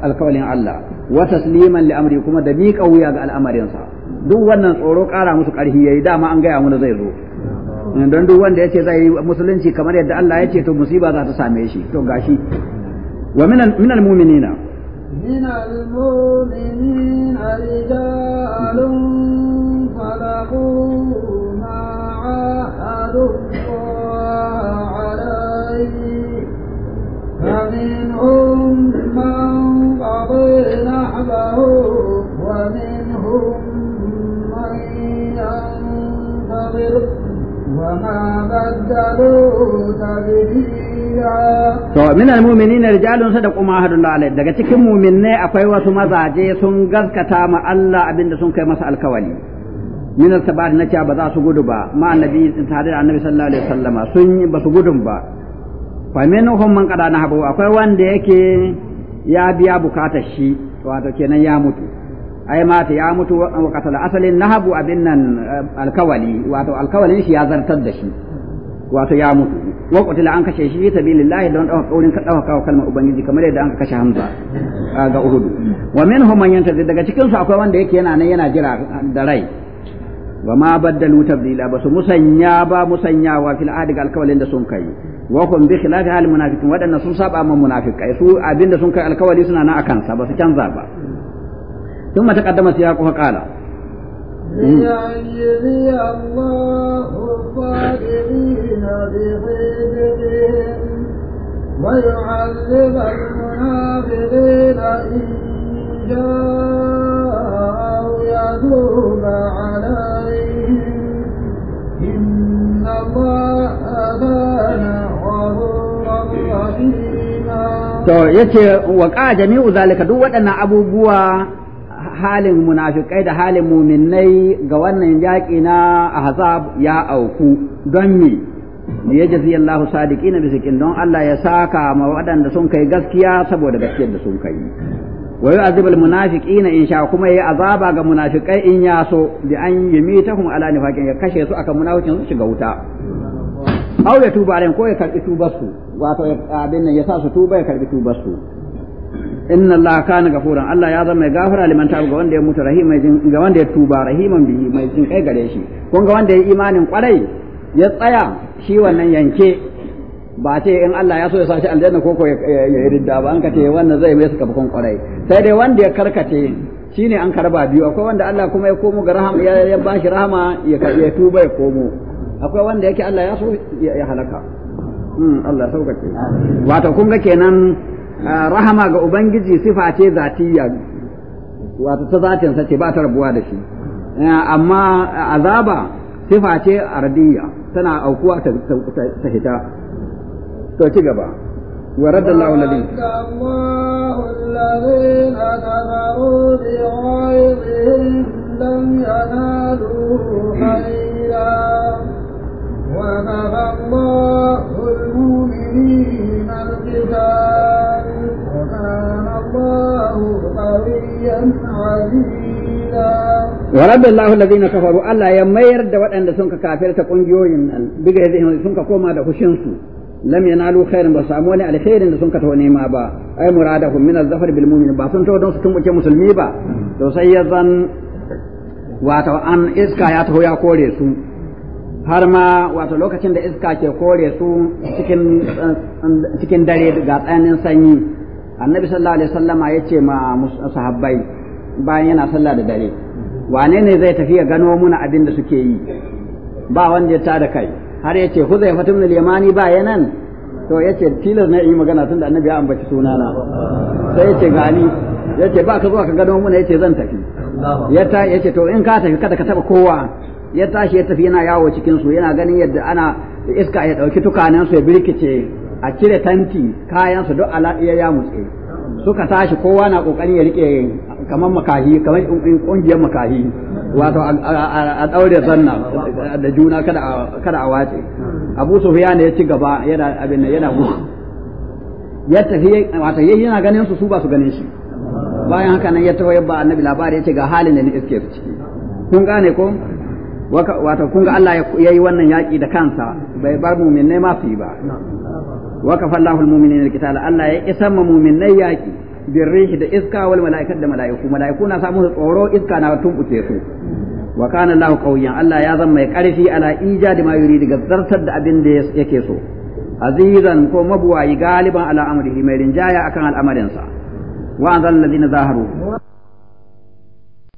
alkawalin Allah wa tasliman li amri kuma da miƙa wuya ga al'amarinsa duk wannan tsoro ƙara musu ƙarfi yayi dama an gaya mana zai zo don duk wanda yace zai yi musulunci kamar yadda Allah ce, to musiba za ta same shi to gashi wa min al mu'minina min al mu'minina rijalun falaqu ma'ahadu فمنهم من قضي نحبه ومنهم من ينتظر To min muminin rijalun sadaqu ma ahadullah alai daga cikin mu'minai akwai wasu mazaje sun gaskata ma Allah abinda sun kai masa alkawali min sabat na cewa ba za su gudu ba ma annabi tare da annabi sallallahu alaihi wasallama sun ba su gudun ba fa minhum man qada na habu akwai wanda yake ya biya bukatar shi wato kenan ya mutu ai mata ya mutu wa qatala asalin nahabu abin nan eh, alkawali wato alkawalin shi ya zartar da shi wato ya mutu wa qutila an kashe shi sabilillahi don dauka kaurin ka dauka kawo kalmar ubangiji kamar yadda an kashe Hamza ga Uhud wa minhum man yantazir daga cikin su akwai wanda yake yana nan yana jira da rai wa ma baddalu tabdila ba su musanya ba musanyawa fil adi ga alkawalin da sun kai wa hum bi khilafi hal munafiqin wadanna sun saba ma munafiqai su abinda sun kai alkawali suna nan akan sa ba su canza ba ثم تقدم السياق فقال ليجزي الله الصابرين بحسبهم ويعذب المنافقين إن جاء أو يتوب عليهم إن الله كان غفورا رحيما. To yace wa jami'u دو ودنا أبو abubuwa halin munafikai da halin muminai ga wannan yaƙi na ahzab ya auku don me ya jazi Allah sadiqin bi sikin don Allah ya saka ma waɗanda sun kai gaskiya saboda gaskiyar da sun kai wa yu'adhibul munafiqin in sha kuma yayi azaba ga munafikai in ya so bi an kuma ala nifaqin ya kashe su akan munafikin su shiga wuta aw ya tuba alaihim ko ya karbi tubar wato abin nan ya sa su tuba ya karbi tubar inna allaha kana gafuran allah ya zama mai gafara liman tabu ga wanda ya mutu rahima ga wanda ya tuba rahiman bihi mai jin kai gare shi kun ga wanda ya imanin kwarai ya tsaya shi wannan yanke ba ce in Allah ya so ya sashi aljanna ko ya ridda ba an kace wannan zai mai suka bakon kwarai sai dai wanda ya karkace shine an karba biyu akwai wanda Allah kuma ya komo ga rahama ya bashi rahama ya ya tuba ya komo akwai wanda yake Allah ya so ya halaka hmm, Allah sauƙaƙe wato kun ga kenan rahama ga Ubangiji sifa ce zatiya wato ta zatin sace ba ta rabuwa da shi eh, amma azaba sifa ce ardiya tana aukuwa ta ta hita to ci gaba wa radda Allahu nabi Allahu alladhina kafaru bi ghayrihim lam yanalu khayra wa kafa Allahu al-mu'minina al-qitala wa rabbil lahu allazina kafaru Allah ya mayar da waɗanda sun ka kafirta kungiyoyin nan biga yadda sun ka koma da hushin su lam yanalu khairan ba samu wani alkhairin da sun ka tawo nema ba ai muradahum min az-zafar bil ba sun tawo su tumbuke musulmi ba to sai ya zan wato an iska ya taho ya kore su har ma wato lokacin da iska ke kore su cikin cikin dare ga tsanin sanyi annabi sallallahu alaihi wasallama ya ce ma sahabbai bayan yana sallah da dare wane ne zai tafi ya gano muna abin da suke yi ba wanda ya tada kai har ya ce huzai fatim lil yamani ba nan? to ya ce tilas na yi magana tunda annabi ya ambaci sunana sai ya ce gani ya ce ba ka zuwa ka gano muna ya ce zan tafi ya ce to in ka tafi kada ka taba kowa ya tashi ya tafi yana yawo cikin su yana ganin yadda ana iska ya dauki tukanen su ya birkice a cire tanti kayan su duk alaɗiya ya mutse suka tashi kowa na kokarin ya rike kamar makahi kamar kungiyar makahi wato a daure zanna da juna kada a wace Abu Sufyan ya ci gaba yana abin yana gudu ya tafi wato yayi yana ganin su su ba su ganin shi bayan haka nan ya tafi ba annabi labari ya ce ga halin da ni iske su ciki kun gane ko wato kun ga Allah ya yi wannan yaƙi da kansa bai bar mu min nema fi ba wa kafallahu almu'minina alqitala Allah ya isamma mu'minai yaki birrihi da iska wal mala'ikatu da mala'iku mala'iku na samu tsoro iska na tumbuke su wa kana Allah qawiyan Allah ya zama mai karfi ala'ija ijadi ma yuridu gazzartar da abin da yake so azizan ko mabuwayi galiban ala amrihi mai rinjaya akan al'amarinsa wa anzal ladina zaharu